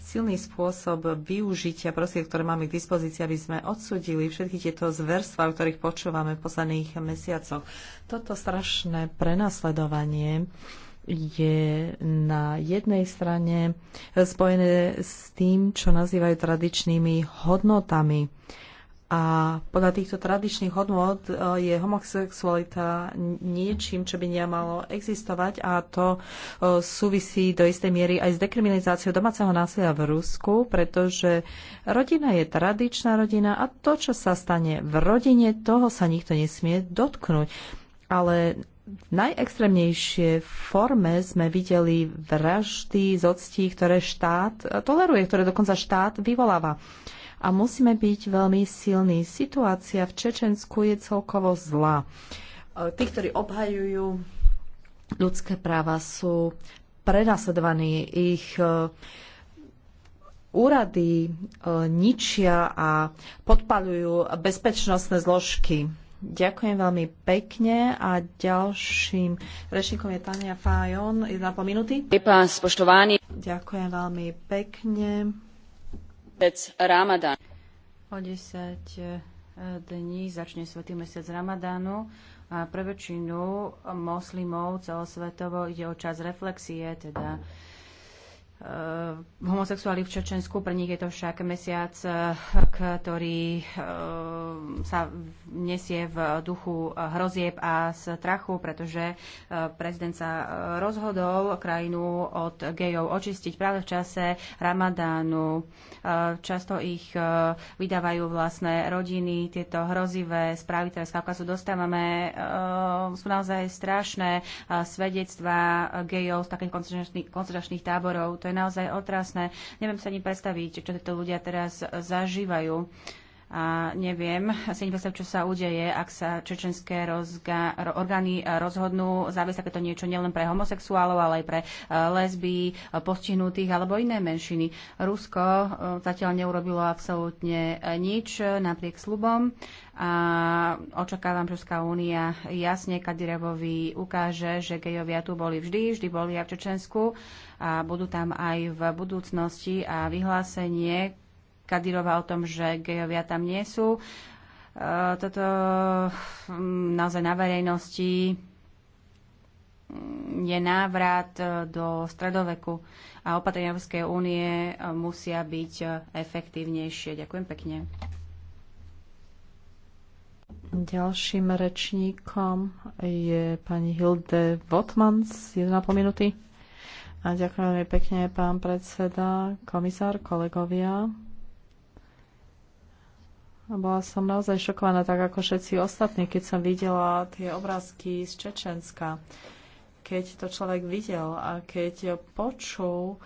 silný spôsob využitia prostried, ktoré máme k dispozícii, aby sme odsudili všetky tieto zverstva, o ktorých počúvame v posledných mesiacoch. Toto strašné prenasledovanie je na jednej strane spojené s tým, čo nazývajú tradičnými hodnotami. A podľa týchto tradičných hodnot e, je homosexualita niečím, čo by nemalo existovať a to e, súvisí do istej miery aj s dekriminalizáciou domáceho násilia v Rusku, pretože rodina je tradičná rodina a to, čo sa stane v rodine, toho sa nikto nesmie dotknúť. Ale v najextrémnejšej forme sme videli vraždy z odstí, ktoré štát toleruje, ktoré dokonca štát vyvoláva a musíme byť veľmi silní. Situácia v Čečensku je celkovo zlá. E, tí, ktorí obhajujú ľudské práva, sú prenasledovaní. Ich e, úrady e, ničia a podpalujú bezpečnostné zložky. Ďakujem veľmi pekne a ďalším rečníkom je Tania Fajon, po minúty. Ďakujem veľmi pekne. O 10 eh, dní začne svätý mesiac Ramadánu a pre väčšinu moslimov celosvetovo ide o čas reflexie, teda Eh, homosexuáli v Čečensku. Pre nich je to však mesiac, eh, ktorý eh, sa nesie v duchu hrozieb a strachu, pretože prezident sa rozhodol krajinu od gejov očistiť práve v čase Ramadánu. Často ich vydávajú vlastné rodiny. Tieto hrozivé správy, ktoré z Kaukazu dostávame, sú naozaj strašné. Svedectvá gejov z takých koncentračných táborov, to je naozaj otrasné. Neviem sa ani predstaviť, čo títo ľudia teraz zažívajú. A neviem asi nepredstav, čo sa udeje, ak sa čečenské rozga, orgány rozhodnú zaviesť takéto niečo nielen pre homosexuálov, ale aj pre e, lesby, e, postihnutých alebo iné menšiny. Rusko e, zatiaľ neurobilo absolútne nič napriek slubom a očakávam, že Ruská únia jasne Kadirevovi ukáže, že gejovia tu boli vždy, vždy boli aj v Čečensku a budú tam aj v budúcnosti a vyhlásenie, Kadirova o tom, že gejovia tam nie sú. E, toto mm, naozaj na verejnosti mm, je návrat e, do stredoveku a opatrenia Európskej únie e, musia byť efektívnejšie. Ďakujem pekne. Ďalším rečníkom je pani Hilde Votmans, 1,5 minúty. A ďakujem pekne, pán predseda, komisár, kolegovia. Bola som naozaj šokovaná, tak ako všetci ostatní, keď som videla tie obrázky z Čečenska. Keď to človek videl a keď počul, e,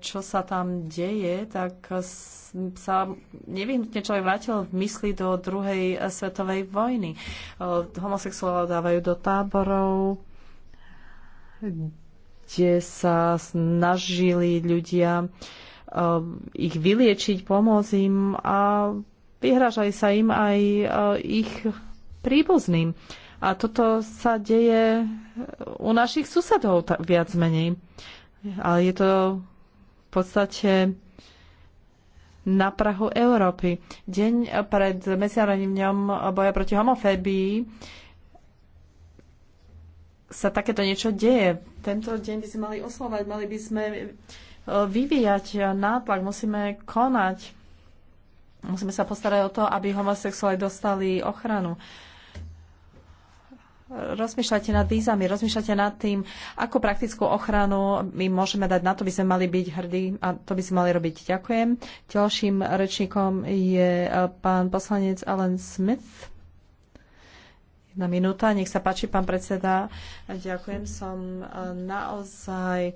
čo sa tam deje, tak sa nevyhnutne človek vrátil v mysli do druhej e, svetovej vojny. E, homosexuálov dávajú do táborov, kde sa snažili ľudia ich vyliečiť, pomôcť im a vyhražali sa im aj e, ich príbuzným. A toto sa deje u našich susedov viac menej. Ale je to v podstate na Prahu Európy. Deň pred medzinárodným dňom boja proti homofébii sa takéto niečo deje. Tento deň by sme mali oslovať, mali by sme e, vyvíjať nátlak, musíme konať Musíme sa postarať o to, aby homosexuáli dostali ochranu. Rozmýšľajte nad vízami, rozmýšľajte nad tým, ako praktickú ochranu my môžeme dať. Na to by sme mali byť hrdí a to by sme mali robiť. Ďakujem. Ďalším rečníkom je eh, pán poslanec Alan Smith. Jedna minúta. Nech sa páči, pán predseda. Ďakujem. Som eh, naozaj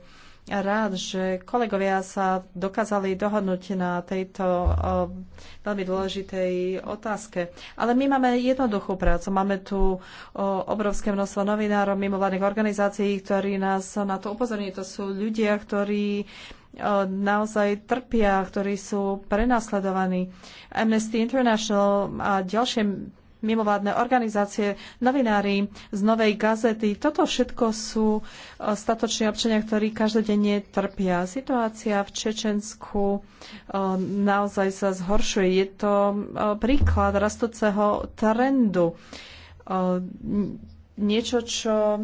rád, že kolegovia sa dokázali dohodnúť na tejto eh, veľmi dôležitej otázke. Ale my máme jednoduchú prácu. Máme tu eh, obrovské množstvo novinárov, mimovládnych organizácií, ktorí nás na to upozorní. To sú ľudia, ktorí eh, naozaj trpia, ktorí sú prenasledovaní. Amnesty International a ďalšie mimovládne organizácie, novinári z Novej gazety. Toto všetko sú e, statoční občania, ktorí každodenne trpia. Situácia v Čečensku e, naozaj sa zhoršuje. Je to e, príklad rastúceho trendu. Niečo, čo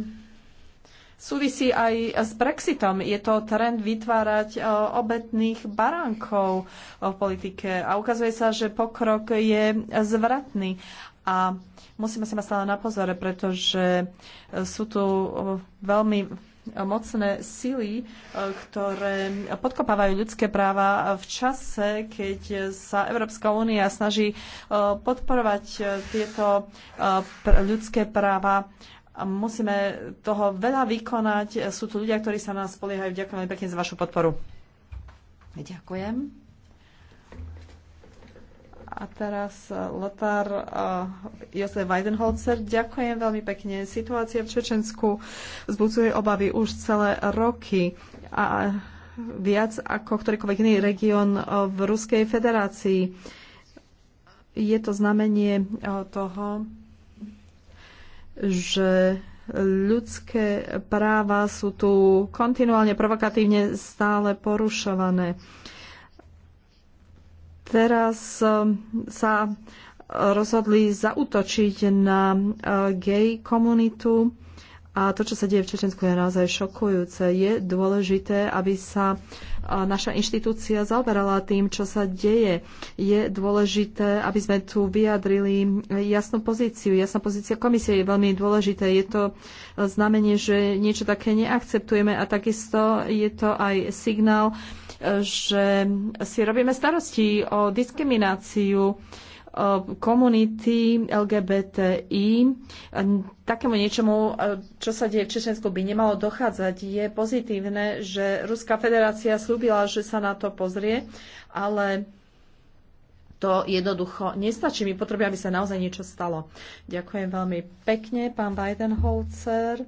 súvisí aj s Brexitom. Je to trend vytvárať obetných baránkov v politike a ukazuje sa, že pokrok je zvratný a musíme si ma stále na pozore, pretože e, sú tu e, veľmi mocné sily, e, ktoré podkopávajú ľudské práva v čase, keď sa Európska únia snaží podporovať tieto ľudské práva. Musíme toho veľa vykonať. Sú tu ľudia, ktorí sa nás spoliehajú. Ďakujem veľmi pekne za vašu podporu. Ďakujem. A teraz e, Lotár uh, e, Josef Weidenholzer. Ďakujem veľmi pekne. Situácia v Čečensku zbudzuje obavy už celé roky a viac ako ktorýkoľvek iný región e, v Ruskej federácii. Je to znamenie toho, že ľudské práva sú tu kontinuálne, provokatívne stále porušované. Uh, teraz ehm, sa rozhodli zautočiť na eh, gay komunitu a to, čo sa deje v Čečensku, je naozaj šokujúce. Je dôležité, aby sa naša inštitúcia zaoberala tým, čo sa deje. Je dôležité, aby sme tu vyjadrili jasnú pozíciu. Jasná pozícia komisie je veľmi dôležité. Je to znamenie, že niečo také neakceptujeme a takisto je to aj signál, e, že si robíme starosti o diskrimináciu komunity LGBTI. Takému niečomu, e, čo sa deje v Čečensku, by nemalo dochádzať. Je pozitívne, že Ruská federácia slúbila, že sa na to pozrie, ale to jednoducho nestačí. My potrebujeme, aby sa naozaj niečo stalo. Ďakujem veľmi pekne, pán Weidenholzer.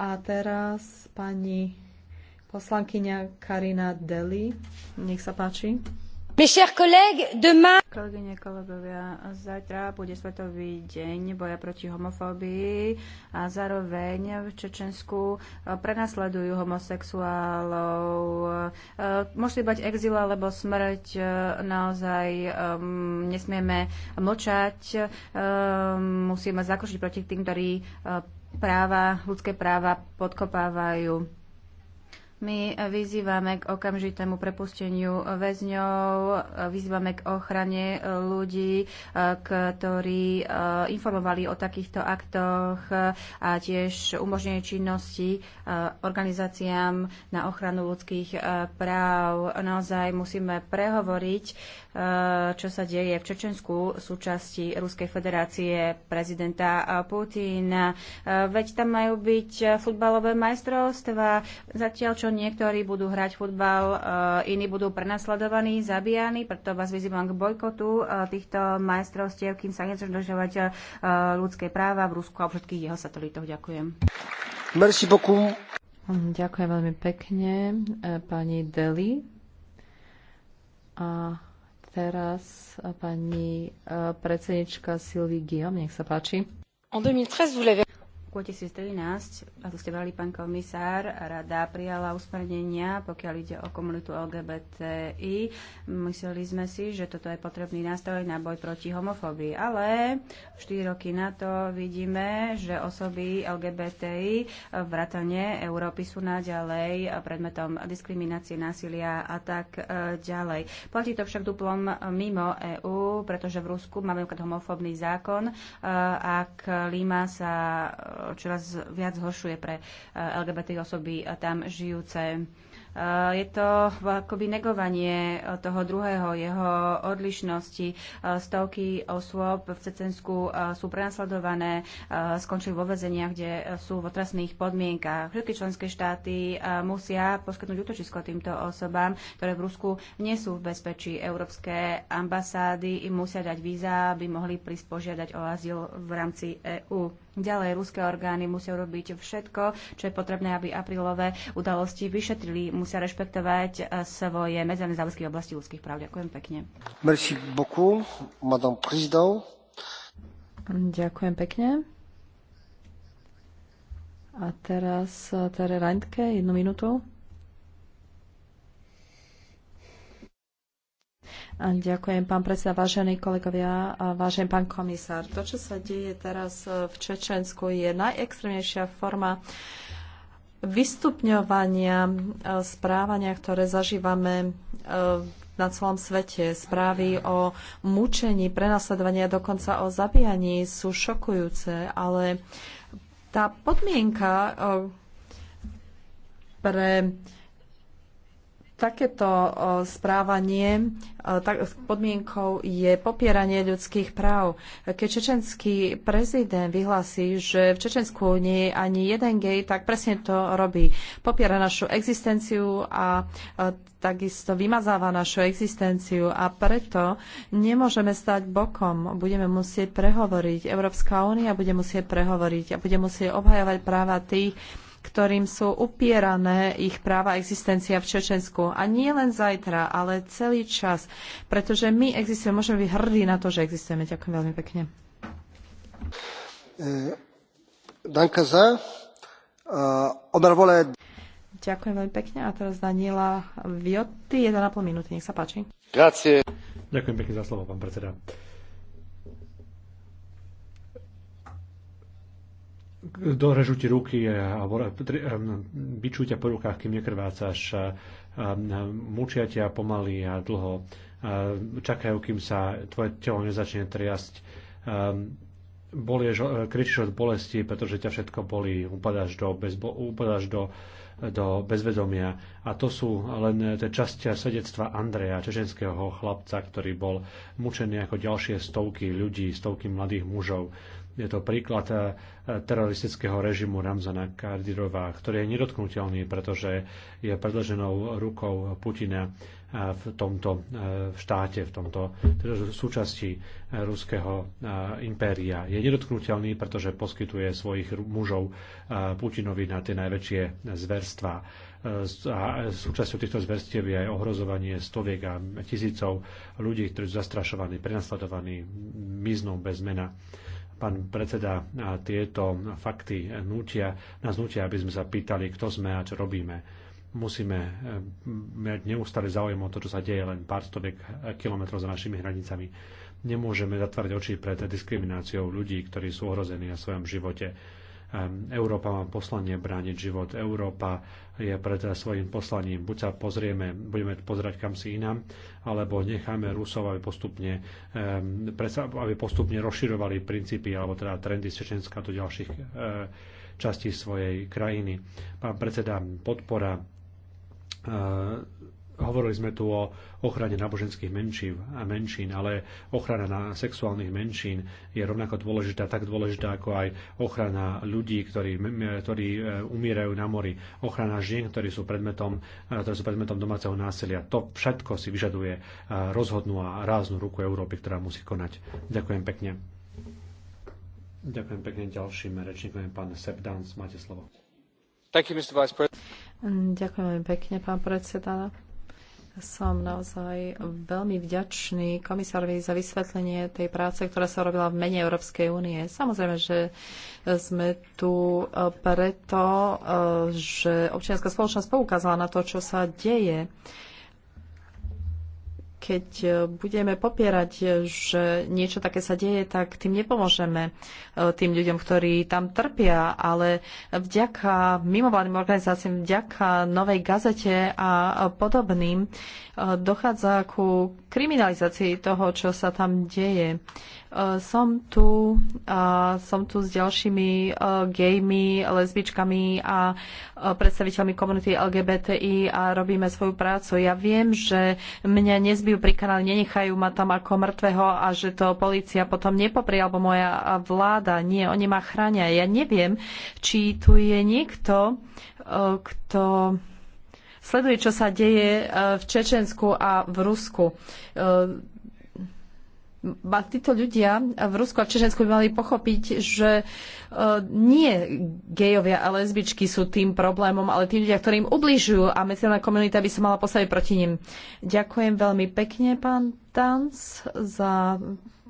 A teraz pani poslankyňa Karina Deli. Nech sa páči. Kolegyne, kolegovia, zajtra bude Svetový deň boja proti homofóbii a zároveň v Čečensku eh, prenasledujú homosexuálov. Eh, môžete bať exil alebo smrť, eh, naozaj ehm, nesmieme mlčať, ehm, musíme zakročiť proti tým, ktorí práva, ľudské práva podkopávajú. My vyzývame k okamžitému prepusteniu väzňov, vyzývame k ochrane ľudí, ktorí eh, informovali o takýchto aktoch a tiež umožnenie činnosti eh, organizáciám na ochranu ľudských eh, práv. Naozaj musíme prehovoriť, čo sa deje v Čečensku súčasti Ruskej federácie prezidenta Putina. Veď tam majú byť futbalové majstrovstva, zatiaľ čo niektorí budú hrať futbal, e, iní budú prenasledovaní, zabíjani, preto vás vyzývam k bojkotu e, týchto majstrovstiev, kým sa nechcú dožovať e, ľudské práva v Rusku a všetkých jeho satelitov. Ďakujem. Merci beaucoup. Ďakujem veľmi pekne, pani Deli. A teraz pani predsednička Sylvie Guillaume, nech sa páči roku 2013, a to ste brali, pán komisár, rada prijala usmernenia, pokiaľ ide o komunitu LGBTI. Mysleli sme si, že toto je potrebný nástroj na boj proti homofóbii, ale 4 roky na to vidíme, že osoby LGBTI v ratane Európy sú naďalej predmetom diskriminácie, násilia a tak e, ďalej. Platí to však duplom mimo EÚ, pretože v Rusku máme homofóbny zákon e, Ak Líma sa e, čoraz viac zhoršuje pre eh, LGBT osoby tam žijúce. Eh, je to akoby negovanie eh, toho druhého, jeho odlišnosti. Stovky osôb v Cecensku sú prenasledované, skončili vo vezeniach, kde sú v otrasných podmienkách. Všetky členské štáty musia poskytnúť útočisko týmto osobám, ktoré v Rusku nie sú v bezpečí. Európske ambasády im musia dať víza, aby mohli prísť požiadať o azyl v rámci EÚ. Ďalej, ruské orgány musia robiť všetko, čo je potrebné, aby aprílové udalosti vyšetrili. Musia rešpektovať e, svoje medzinárodné záväzky v oblasti ľudských práv. Ďakujem pekne. Merci beaucoup, madame président. Ďakujem pekne. A teraz e, Tere Reintke, jednu minútu. Ďakujem, pán predseda, vážení kolegovia, vážený pán komisár. To, čo sa deje teraz v Čečensku, je najextrémnejšia forma vystupňovania e, správania, ktoré zažívame e, na celom svete. Správy o mučení, prenasledovania, dokonca o zabíjaní sú šokujúce, ale tá podmienka e, pre Takéto správanie tak, podmienkou je popieranie ľudských práv. Keď čečenský prezident vyhlási, že v Čečensku nie je ani jeden gej, tak presne to robí. Popiera našu existenciu a takisto vymazáva našu existenciu a preto nemôžeme stať bokom. Budeme musieť prehovoriť. Európska únia bude musieť prehovoriť a bude musieť obhajovať práva tých, ktorým sú upierané ich práva a existencia v Čečensku. A nie len zajtra, ale celý čas. Pretože my existujeme, môžeme byť hrdí na to, že existujeme. Ďakujem veľmi pekne. E, e, Ďakujem veľmi pekne. A teraz Daniela Viotti, 1,5 minúty, nech sa páči. Ďakujem pekne za slovo, pán predseda. dorežú ti ruky eh, alebo bičujú eh, eh, ťa po rukách, kým nekrvácaš, mučia ťa pomaly a dlho, čakajú, kým sa tvoje telo nezačne triasť, bolieš, kričíš od bolesti, pretože ťa všetko bolí, upadáš do, bezbo, upadáš do, do bezvedomia. A to sú len tie časti svedectva Andreja, čečenského chlapca, ktorý bol mučený ako ďalšie stovky ľudí, stovky mladých mužov. Je to príklad eh, teroristického režimu Ramzana Kardirova, ktorý je nedotknutelný, pretože je predlženou rukou Putina eh, v tomto eh, štáte, v tomto teda súčasti ruského impéria. Je nedotknutelný, pretože poskytuje svojich mužov Putinovi na tie najväčšie zverstva. A súčasťou týchto zverstiev je aj ohrozovanie stoviek a tisícov ľudí, ktorí sú zastrašovaní, prenasledovaní, miznú bez mena pán predseda, tieto fakty nútia, nás nutia, aby sme sa pýtali, kto sme a čo robíme. Musíme e, mať neustále záujem o to, čo sa deje len pár stoviek kilometrov za našimi hranicami. Nemôžeme zatvárať oči pred diskrimináciou ľudí, ktorí sú ohrození na svojom živote Európa má poslanie brániť život. Európa je pred svojim poslaním. Buď sa pozrieme, budeme pozerať kam si inám, alebo necháme Rusov, aby postupne, aby postupne rozširovali princípy alebo teda trendy z Čečenska do ďalších e, častí svojej krajiny. Pán predseda, podpora e, Hovorili sme tu o ochrane náboženských menšín, a menšín, ale ochrana na sexuálnych menšín je rovnako dôležitá, tak dôležitá ako aj ochrana ľudí, ktorí, ktorí e, umierajú na mori, ochrana žien, ktorí sú predmetom, e, ktorí sú predmetom domáceho násilia. To všetko si vyžaduje e, rozhodnú a ráznu ruku Európy, ktorá musí konať. Ďakujem pekne. Ďakujem pekne ďalším rečníkom, pán Sebdans, máte slovo. You, Ďakujem pekne, pán predseda. Som naozaj veľmi vďačný komisárovi za vysvetlenie tej práce, ktorá sa robila v mene Európskej únie. Samozrejme, že sme tu eh, preto, eh, že občianská spoločnosť poukázala na to, čo sa deje keď e, budeme popierať, e, že niečo také sa deje, tak tým nepomôžeme e, tým ľuďom, ktorí tam trpia, ale vďaka mimovládnym organizáciám, vďaka Novej gazete a podobným dochádza ku kriminalizácii toho, čo sa tam deje. Som tu, som tu s ďalšími e, gejmi, lesbičkami a e, predstaviteľmi komunity LGBTI a robíme svoju prácu. Ja viem, že mňa nezbijú pri kanáli, nenechajú ma tam ako mŕtvého a že to policia potom nepoprie, alebo moja vláda. Nie, oni ma chránia. Ja neviem, či tu je niekto, e, kto sleduje, čo sa deje v Čečensku a v Rusku títo ľudia v Rusku a Čečensku by mali pochopiť, že e, nie gejovia a lesbičky sú tým problémom, ale tí ľudia, ktorým ubližujú a medzinárodná komunita by sa mala postaviť proti nim. Ďakujem veľmi pekne, pán Tanc, za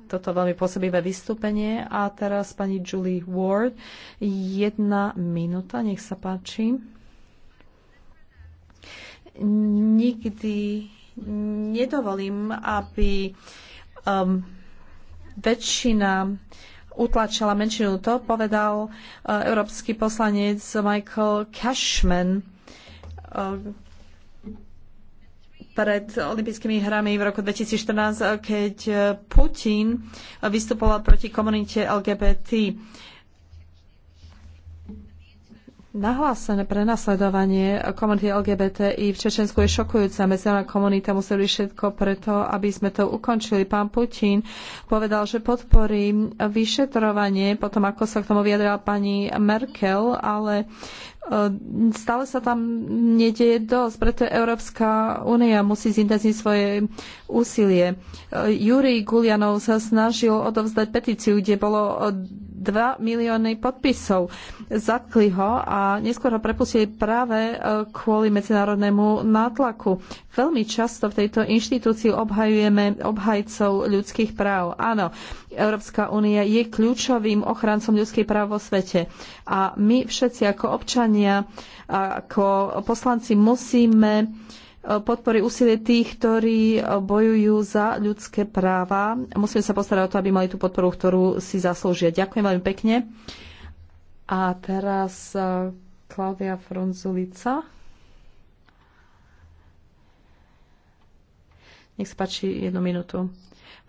toto veľmi pôsobivé vystúpenie. A teraz pani Julie Ward. Jedna minúta, nech sa páči. Nikdy nedovolím, aby uh, um, väčšina utlačala menšinu. To povedal uh, európsky poslanec Michael Cashman uh, pred olympijskými hrami v roku 2014, keď Putin vystupoval proti komunite LGBT. Nahlásené prenasledovanie komunity LGBTI v Čečensku je šokujúca. Medzinárodná komunita museli všetko preto, aby sme to ukončili. Pán Putin povedal, že podporí vyšetrovanie, potom ako sa k tomu vyjadrala pani Merkel, ale e, stále sa tam nedieje dosť, preto Európska únia musí zintenzívniť svoje úsilie. E, Júri Gulianov sa snažil odovzdať petíciu, kde bolo 2 milióny podpisov. Zatkli ho a neskôr ho prepustili práve e, kvôli medzinárodnému nátlaku. Veľmi často v tejto inštitúcii obhajujeme obhajcov ľudských práv. Áno, Európska únia je kľúčovým ochrancom ľudských práv vo svete. A my všetci ako občania, ako poslanci musíme podpory úsilie tých, ktorí e, bojujú za ľudské práva. Musíme sa postarať o to, aby mali tú podporu, ktorú si zaslúžia. Ďakujem veľmi pekne. A teraz e, Klaudia Fronzulica. Nech sa páči jednu minútu.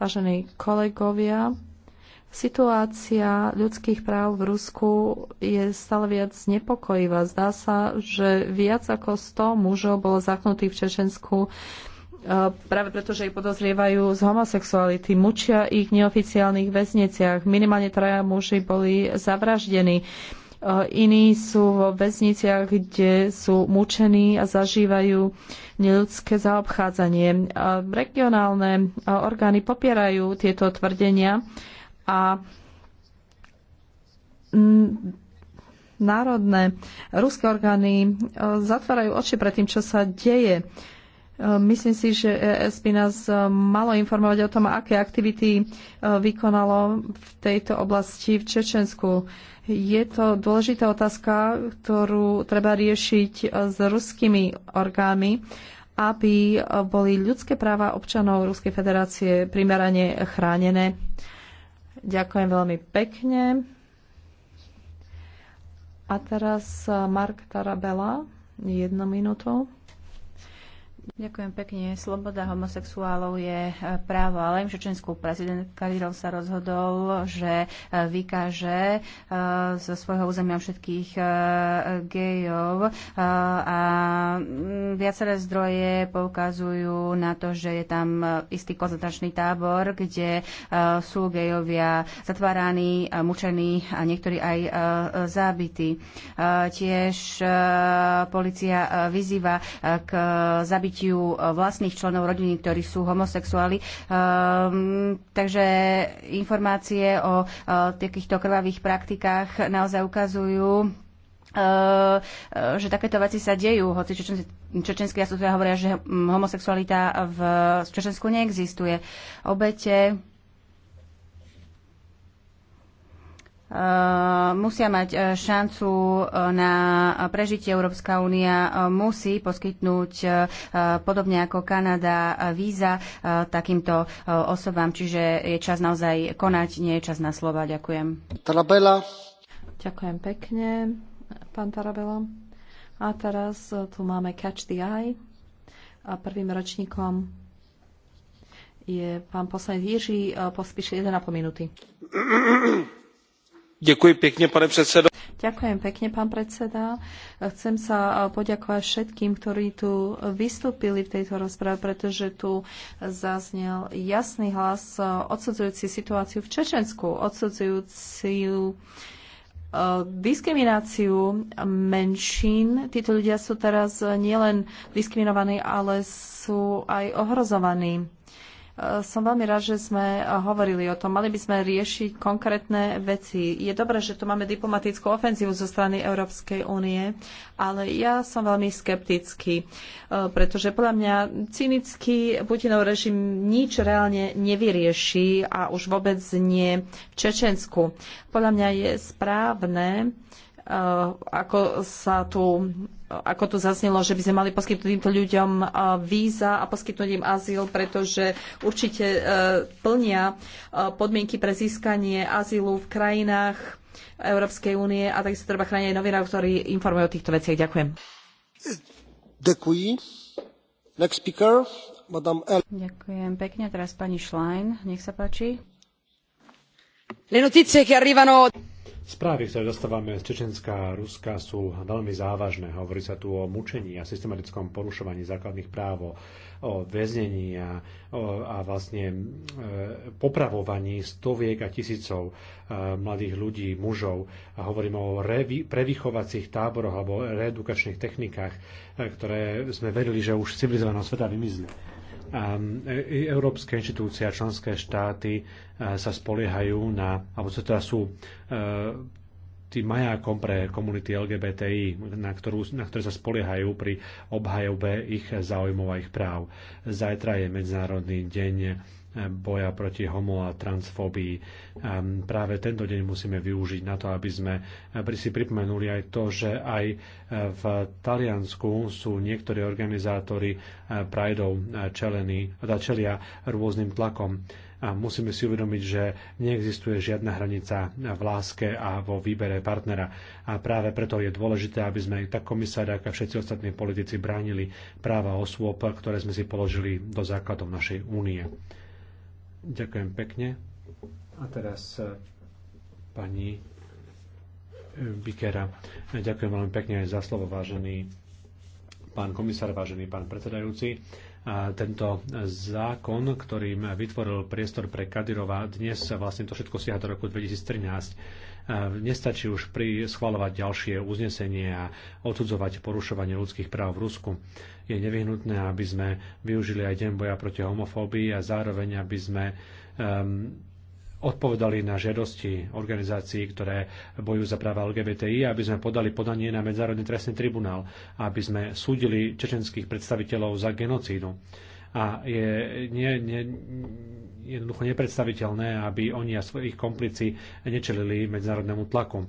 Vážení kolegovia, Situácia ľudských práv v Rusku je stále viac nepokojivá. Zdá sa, že viac ako 100 mužov bolo zachnutých v Čečensku e, práve preto, že ich podozrievajú z homosexuality. Mučia ich v neoficiálnych väzniciach. Minimálne traja muži boli zavraždení. E, iní sú vo väzniciach, kde sú mučení a zažívajú neľudské zaobchádzanie. E, regionálne orgány popierajú tieto tvrdenia a národné ruské orgány e, zatvárajú oči pred tým, čo sa deje. E, myslím si, že ES by nás e, malo informovať o tom, aké aktivity vykonalo v tejto oblasti v Čečensku. Je to dôležitá otázka, ktorú treba riešiť s ruskými orgánmi, aby boli ľudské práva občanov Ruskej federácie primerane chránené Ďakujem veľmi pekne. A teraz eh, Mark Tarabela, jednu minútu. Ďakujem pekne. Sloboda homosexuálov je e, právo, ale im Čečensku prezident Kadyrov sa rozhodol, že e, vykáže e, zo svojho územia všetkých gejov a mm, viaceré zdroje poukazujú na to, že je tam istý koncentračný tábor, kde sú gejovia zatváraní, mučení a niektorí aj zabití. Tiež policia vyzýva k zabitiu prežitiu eh, vlastných členov rodiny, ktorí sú homosexuáli. Um, takže informácie o uh, takýchto krvavých praktikách naozaj ukazujú, eh, že takéto veci sa dejú, hoci čečenskí asociácie hovoria, že homosexualita v Čečensku neexistuje. Obete Eh, musia mať eh, šancu eh, na prežitie. Európska únia musí poskytnúť podobne ako Kanada víza takýmto osobám, čiže je čas naozaj konať, nie je čas na slova. Ďakujem. Tarabela. Ďakujem pekne, pán Tarabela. A teraz tu máme Catch the Eye. A prvým ročníkom je pán poslanec Jiří, pospíše 1,5 minúty. Pekne, pane Ďakujem pekne, pán predseda. Chcem sa e, poďakovať všetkým, ktorí tu vystúpili v tejto rozprave, pretože tu zaznel jasný hlas e, odsudzujúci situáciu v Čečensku, odsudzujúci e, diskrimináciu menšín. Títo ľudia sú teraz nielen diskriminovaní, ale sú aj ohrozovaní. Som veľmi rád, že sme eh, hovorili o tom. Mali by sme riešiť konkrétne veci. Je dobré, že tu máme diplomatickú ofenzívu zo strany Európskej únie, ale ja som veľmi skeptický, eh, pretože podľa mňa cynický Putinov režim nič reálne nevyrieši a už vôbec nie v Čečensku. Podľa mňa je správne, Eh, ako sa tu ako to zaznelo, že by sme mali poskytnúť týmto ľuďom eh, víza a poskytnúť im azyl, pretože určite eh, plnia podmienky pre získanie azylu v krajinách Európskej únie a takisto treba chrániť aj novinárov, ktorí informujú o týchto veciach. Ďakujem. Ďakujem. Next speaker, Madame Ďakujem pekne. Teraz pani Schlein, nech sa páči. Le notizie arrivano Správy, ktoré dostávame z Čečenska a Ruska sú veľmi závažné. Hovorí sa tu o mučení a systematickom porušovaní základných práv, o väznení a, o, a vlastne e, popravovaní stoviek a tisícov e, mladých ľudí, mužov. A hovoríme o revi, prevychovacích táboroch alebo reedukačných technikách, e, ktoré sme verili, že už civilizovaného sveta vymizli. E, európske inštitúcie a členské štáty e, sa spoliehajú na, alebo teda sú e, tým majákom pre komunity LGBTI, na, ktorú, na ktoré sa spoliehajú pri obhajobe ich záujmov a ich práv. Zajtra je Medzinárodný deň boja proti homo a transfóbii. Ehm, práve tento deň musíme využiť na to, aby sme si pripomenuli aj to, že aj eh, v Taliansku sú niektorí organizátori eh, Prideov eh, čelení, teda čelia rôznym tlakom a musíme si uvedomiť, že neexistuje žiadna hranica v láske a vo výbere partnera. A práve preto je dôležité, aby sme tak komisár, ako všetci ostatní politici bránili práva osôb, ktoré sme si položili do základov našej únie. Ďakujem pekne. A teraz e, pani e, Bikera. Ďakujem veľmi pekne aj za slovo, vážený pán komisár, vážený pán predsedajúci. A tento zákon, ktorým vytvoril priestor pre Kadirova, dnes vlastne to všetko siaha do roku 2013. E, nestačí už pri schvalovať ďalšie uznesenie a odsudzovať porušovanie ľudských práv v Rusku. Je nevyhnutné, aby sme využili aj Deň boja proti homofóbii a zároveň, aby sme um, odpovedali na žiadosti organizácií, ktoré bojujú za práva LGBTI, aby sme podali podanie na Medzárodný trestný tribunál, aby sme súdili čečenských predstaviteľov za genocídu a je nie, nie, jednoducho nepredstaviteľné, aby oni a svojich komplici nečelili medzinárodnému tlaku.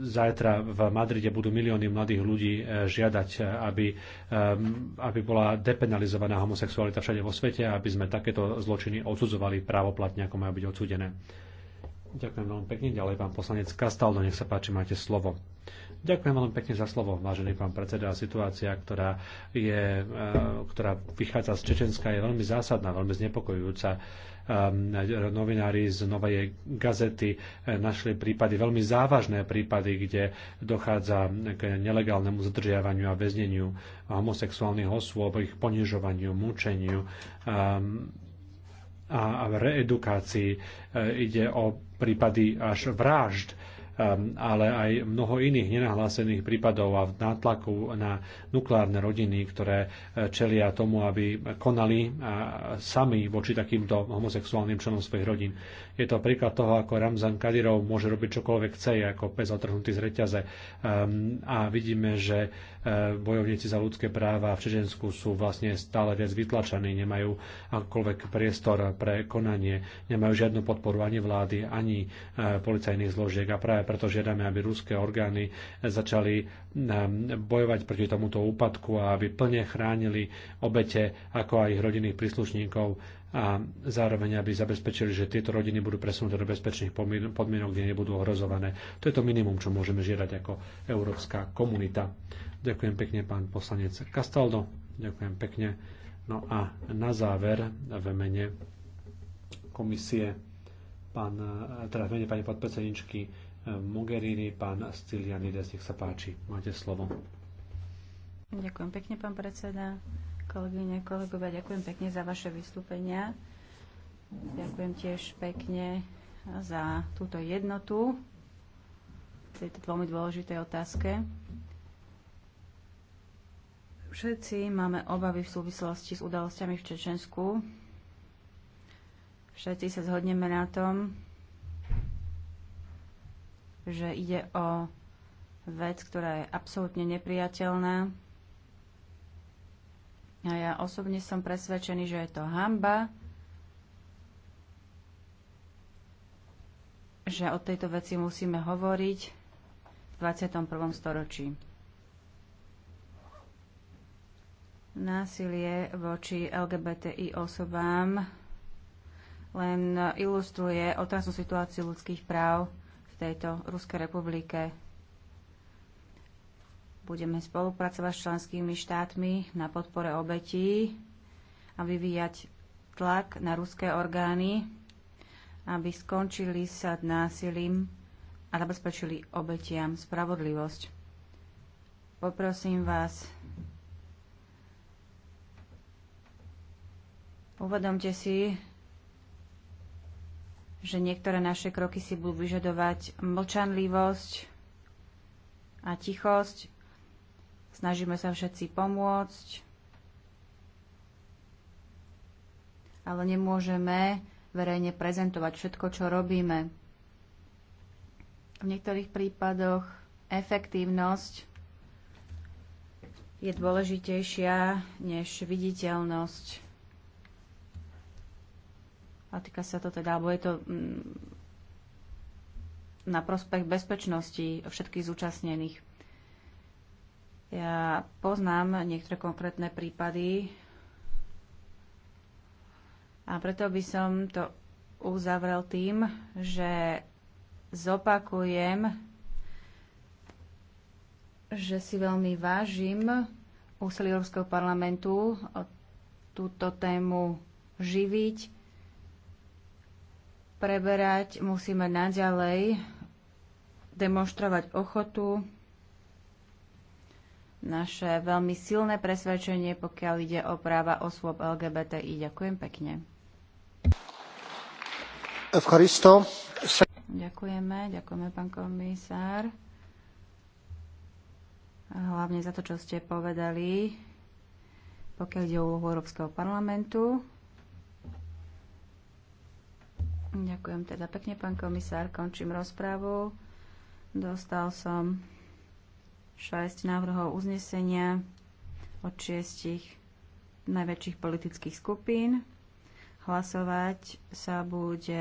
Zajtra v Madride budú milióny mladých ľudí e, žiadať, e, aby, e, aby bola depenalizovaná homosexualita všade vo svete a aby sme takéto zločiny odsudzovali právoplatne, ako majú byť odsudené. Ďakujem veľmi pekne. Ďalej pán poslanec Kastaldo, nech sa páči, máte slovo. Ďakujem veľmi pekne za slovo, vážený pán predseda. Situácia, ktorá, je, eh, ktorá vychádza z Čečenska, je veľmi zásadná, veľmi znepokojujúca ehm, novinári z Novej gazety eh, našli prípady, veľmi závažné prípady, kde dochádza k nelegálnemu zadržiavaniu a väzneniu homosexuálnych osôb, ich ponižovaniu, mučeniu ehm, a reedukácii. Eh, ide o prípady až vražd Ehm, ale aj mnoho iných nenahlásených prípadov a nátlaku na nukleárne rodiny, ktoré e, čelia tomu, aby konali sami voči takýmto homosexuálnym členom svojich rodín. Je to príklad toho, ako Ramzan Kadirov môže robiť čokoľvek chce, ako pes otrhnutý z reťaze. Ehm, a vidíme, že e, bojovníci za ľudské práva v Čečensku sú vlastne stále viac vytlačení, nemajú akýkoľvek priestor pre konanie, nemajú žiadnu podporu ani vlády, ani e, policajných zložiek. A práve preto žiadame, aby ruské orgány začali ehm, bojovať proti tomuto úpadku a aby plne chránili obete, ako aj ich rodinných príslušníkov a zároveň aby zabezpečili, že tieto rodiny budú presunuté do bezpečných podmienok, kde nebudú ohrozované. To je to minimum, čo môžeme žiadať ako európska komunita. Ďakujem pekne, pán poslanec Castaldo. Ďakujem pekne. No a na záver v mene komisie pán, teda v mene pani podpredsedničky eh, Mogherini, pán Stylianides, nech sa páči. Máte slovo. Ďakujem pekne, pán predseda. Kolegyne, kolegovia, ďakujem pekne za vaše vystúpenia. Ďakujem tiež pekne za túto jednotu v tejto veľmi dôležitej otázke. Všetci máme obavy v súvislosti s udalosťami v Čečensku. Všetci sa zhodneme na tom, že ide o vec, ktorá je absolútne nepriateľná a ja osobne som presvedčený, že je to hamba, že o tejto veci musíme hovoriť v 21. storočí. Násilie voči LGBTI osobám len ilustruje otrasnú situáciu ľudských práv v tejto Ruskej republike. Budeme spolupracovať s členskými štátmi na podpore obetí a vyvíjať tlak na ruské orgány, aby skončili sa násilím a zabezpečili obetiam spravodlivosť. Poprosím vás, uvedomte si, že niektoré naše kroky si budú vyžadovať mlčanlivosť a tichosť, Snažíme sa všetci pomôcť, ale nemôžeme verejne prezentovať všetko, čo robíme. V niektorých prípadoch efektívnosť je dôležitejšia než viditeľnosť. A týka sa to teda, alebo je to mm, na prospech bezpečnosti všetkých zúčastnených. Ja poznám niektoré konkrétne prípady a preto by som to uzavrel tým, že zopakujem, že si veľmi vážim úsilie Európskeho parlamentu túto tému živiť, preberať. Musíme naďalej demonstrovať ochotu naše veľmi silné presvedčenie, pokiaľ ide o práva osôb LGBTI. Ďakujem pekne. Ďakujeme, ďakujeme, pán komisár. A hlavne za to, čo ste povedali, pokiaľ ide o úlohu Európskeho parlamentu. Ďakujem teda pekne, pán komisár. Končím rozprávu. Dostal som 6 návrhov uznesenia od 6 najväčších politických skupín. Hlasovať sa bude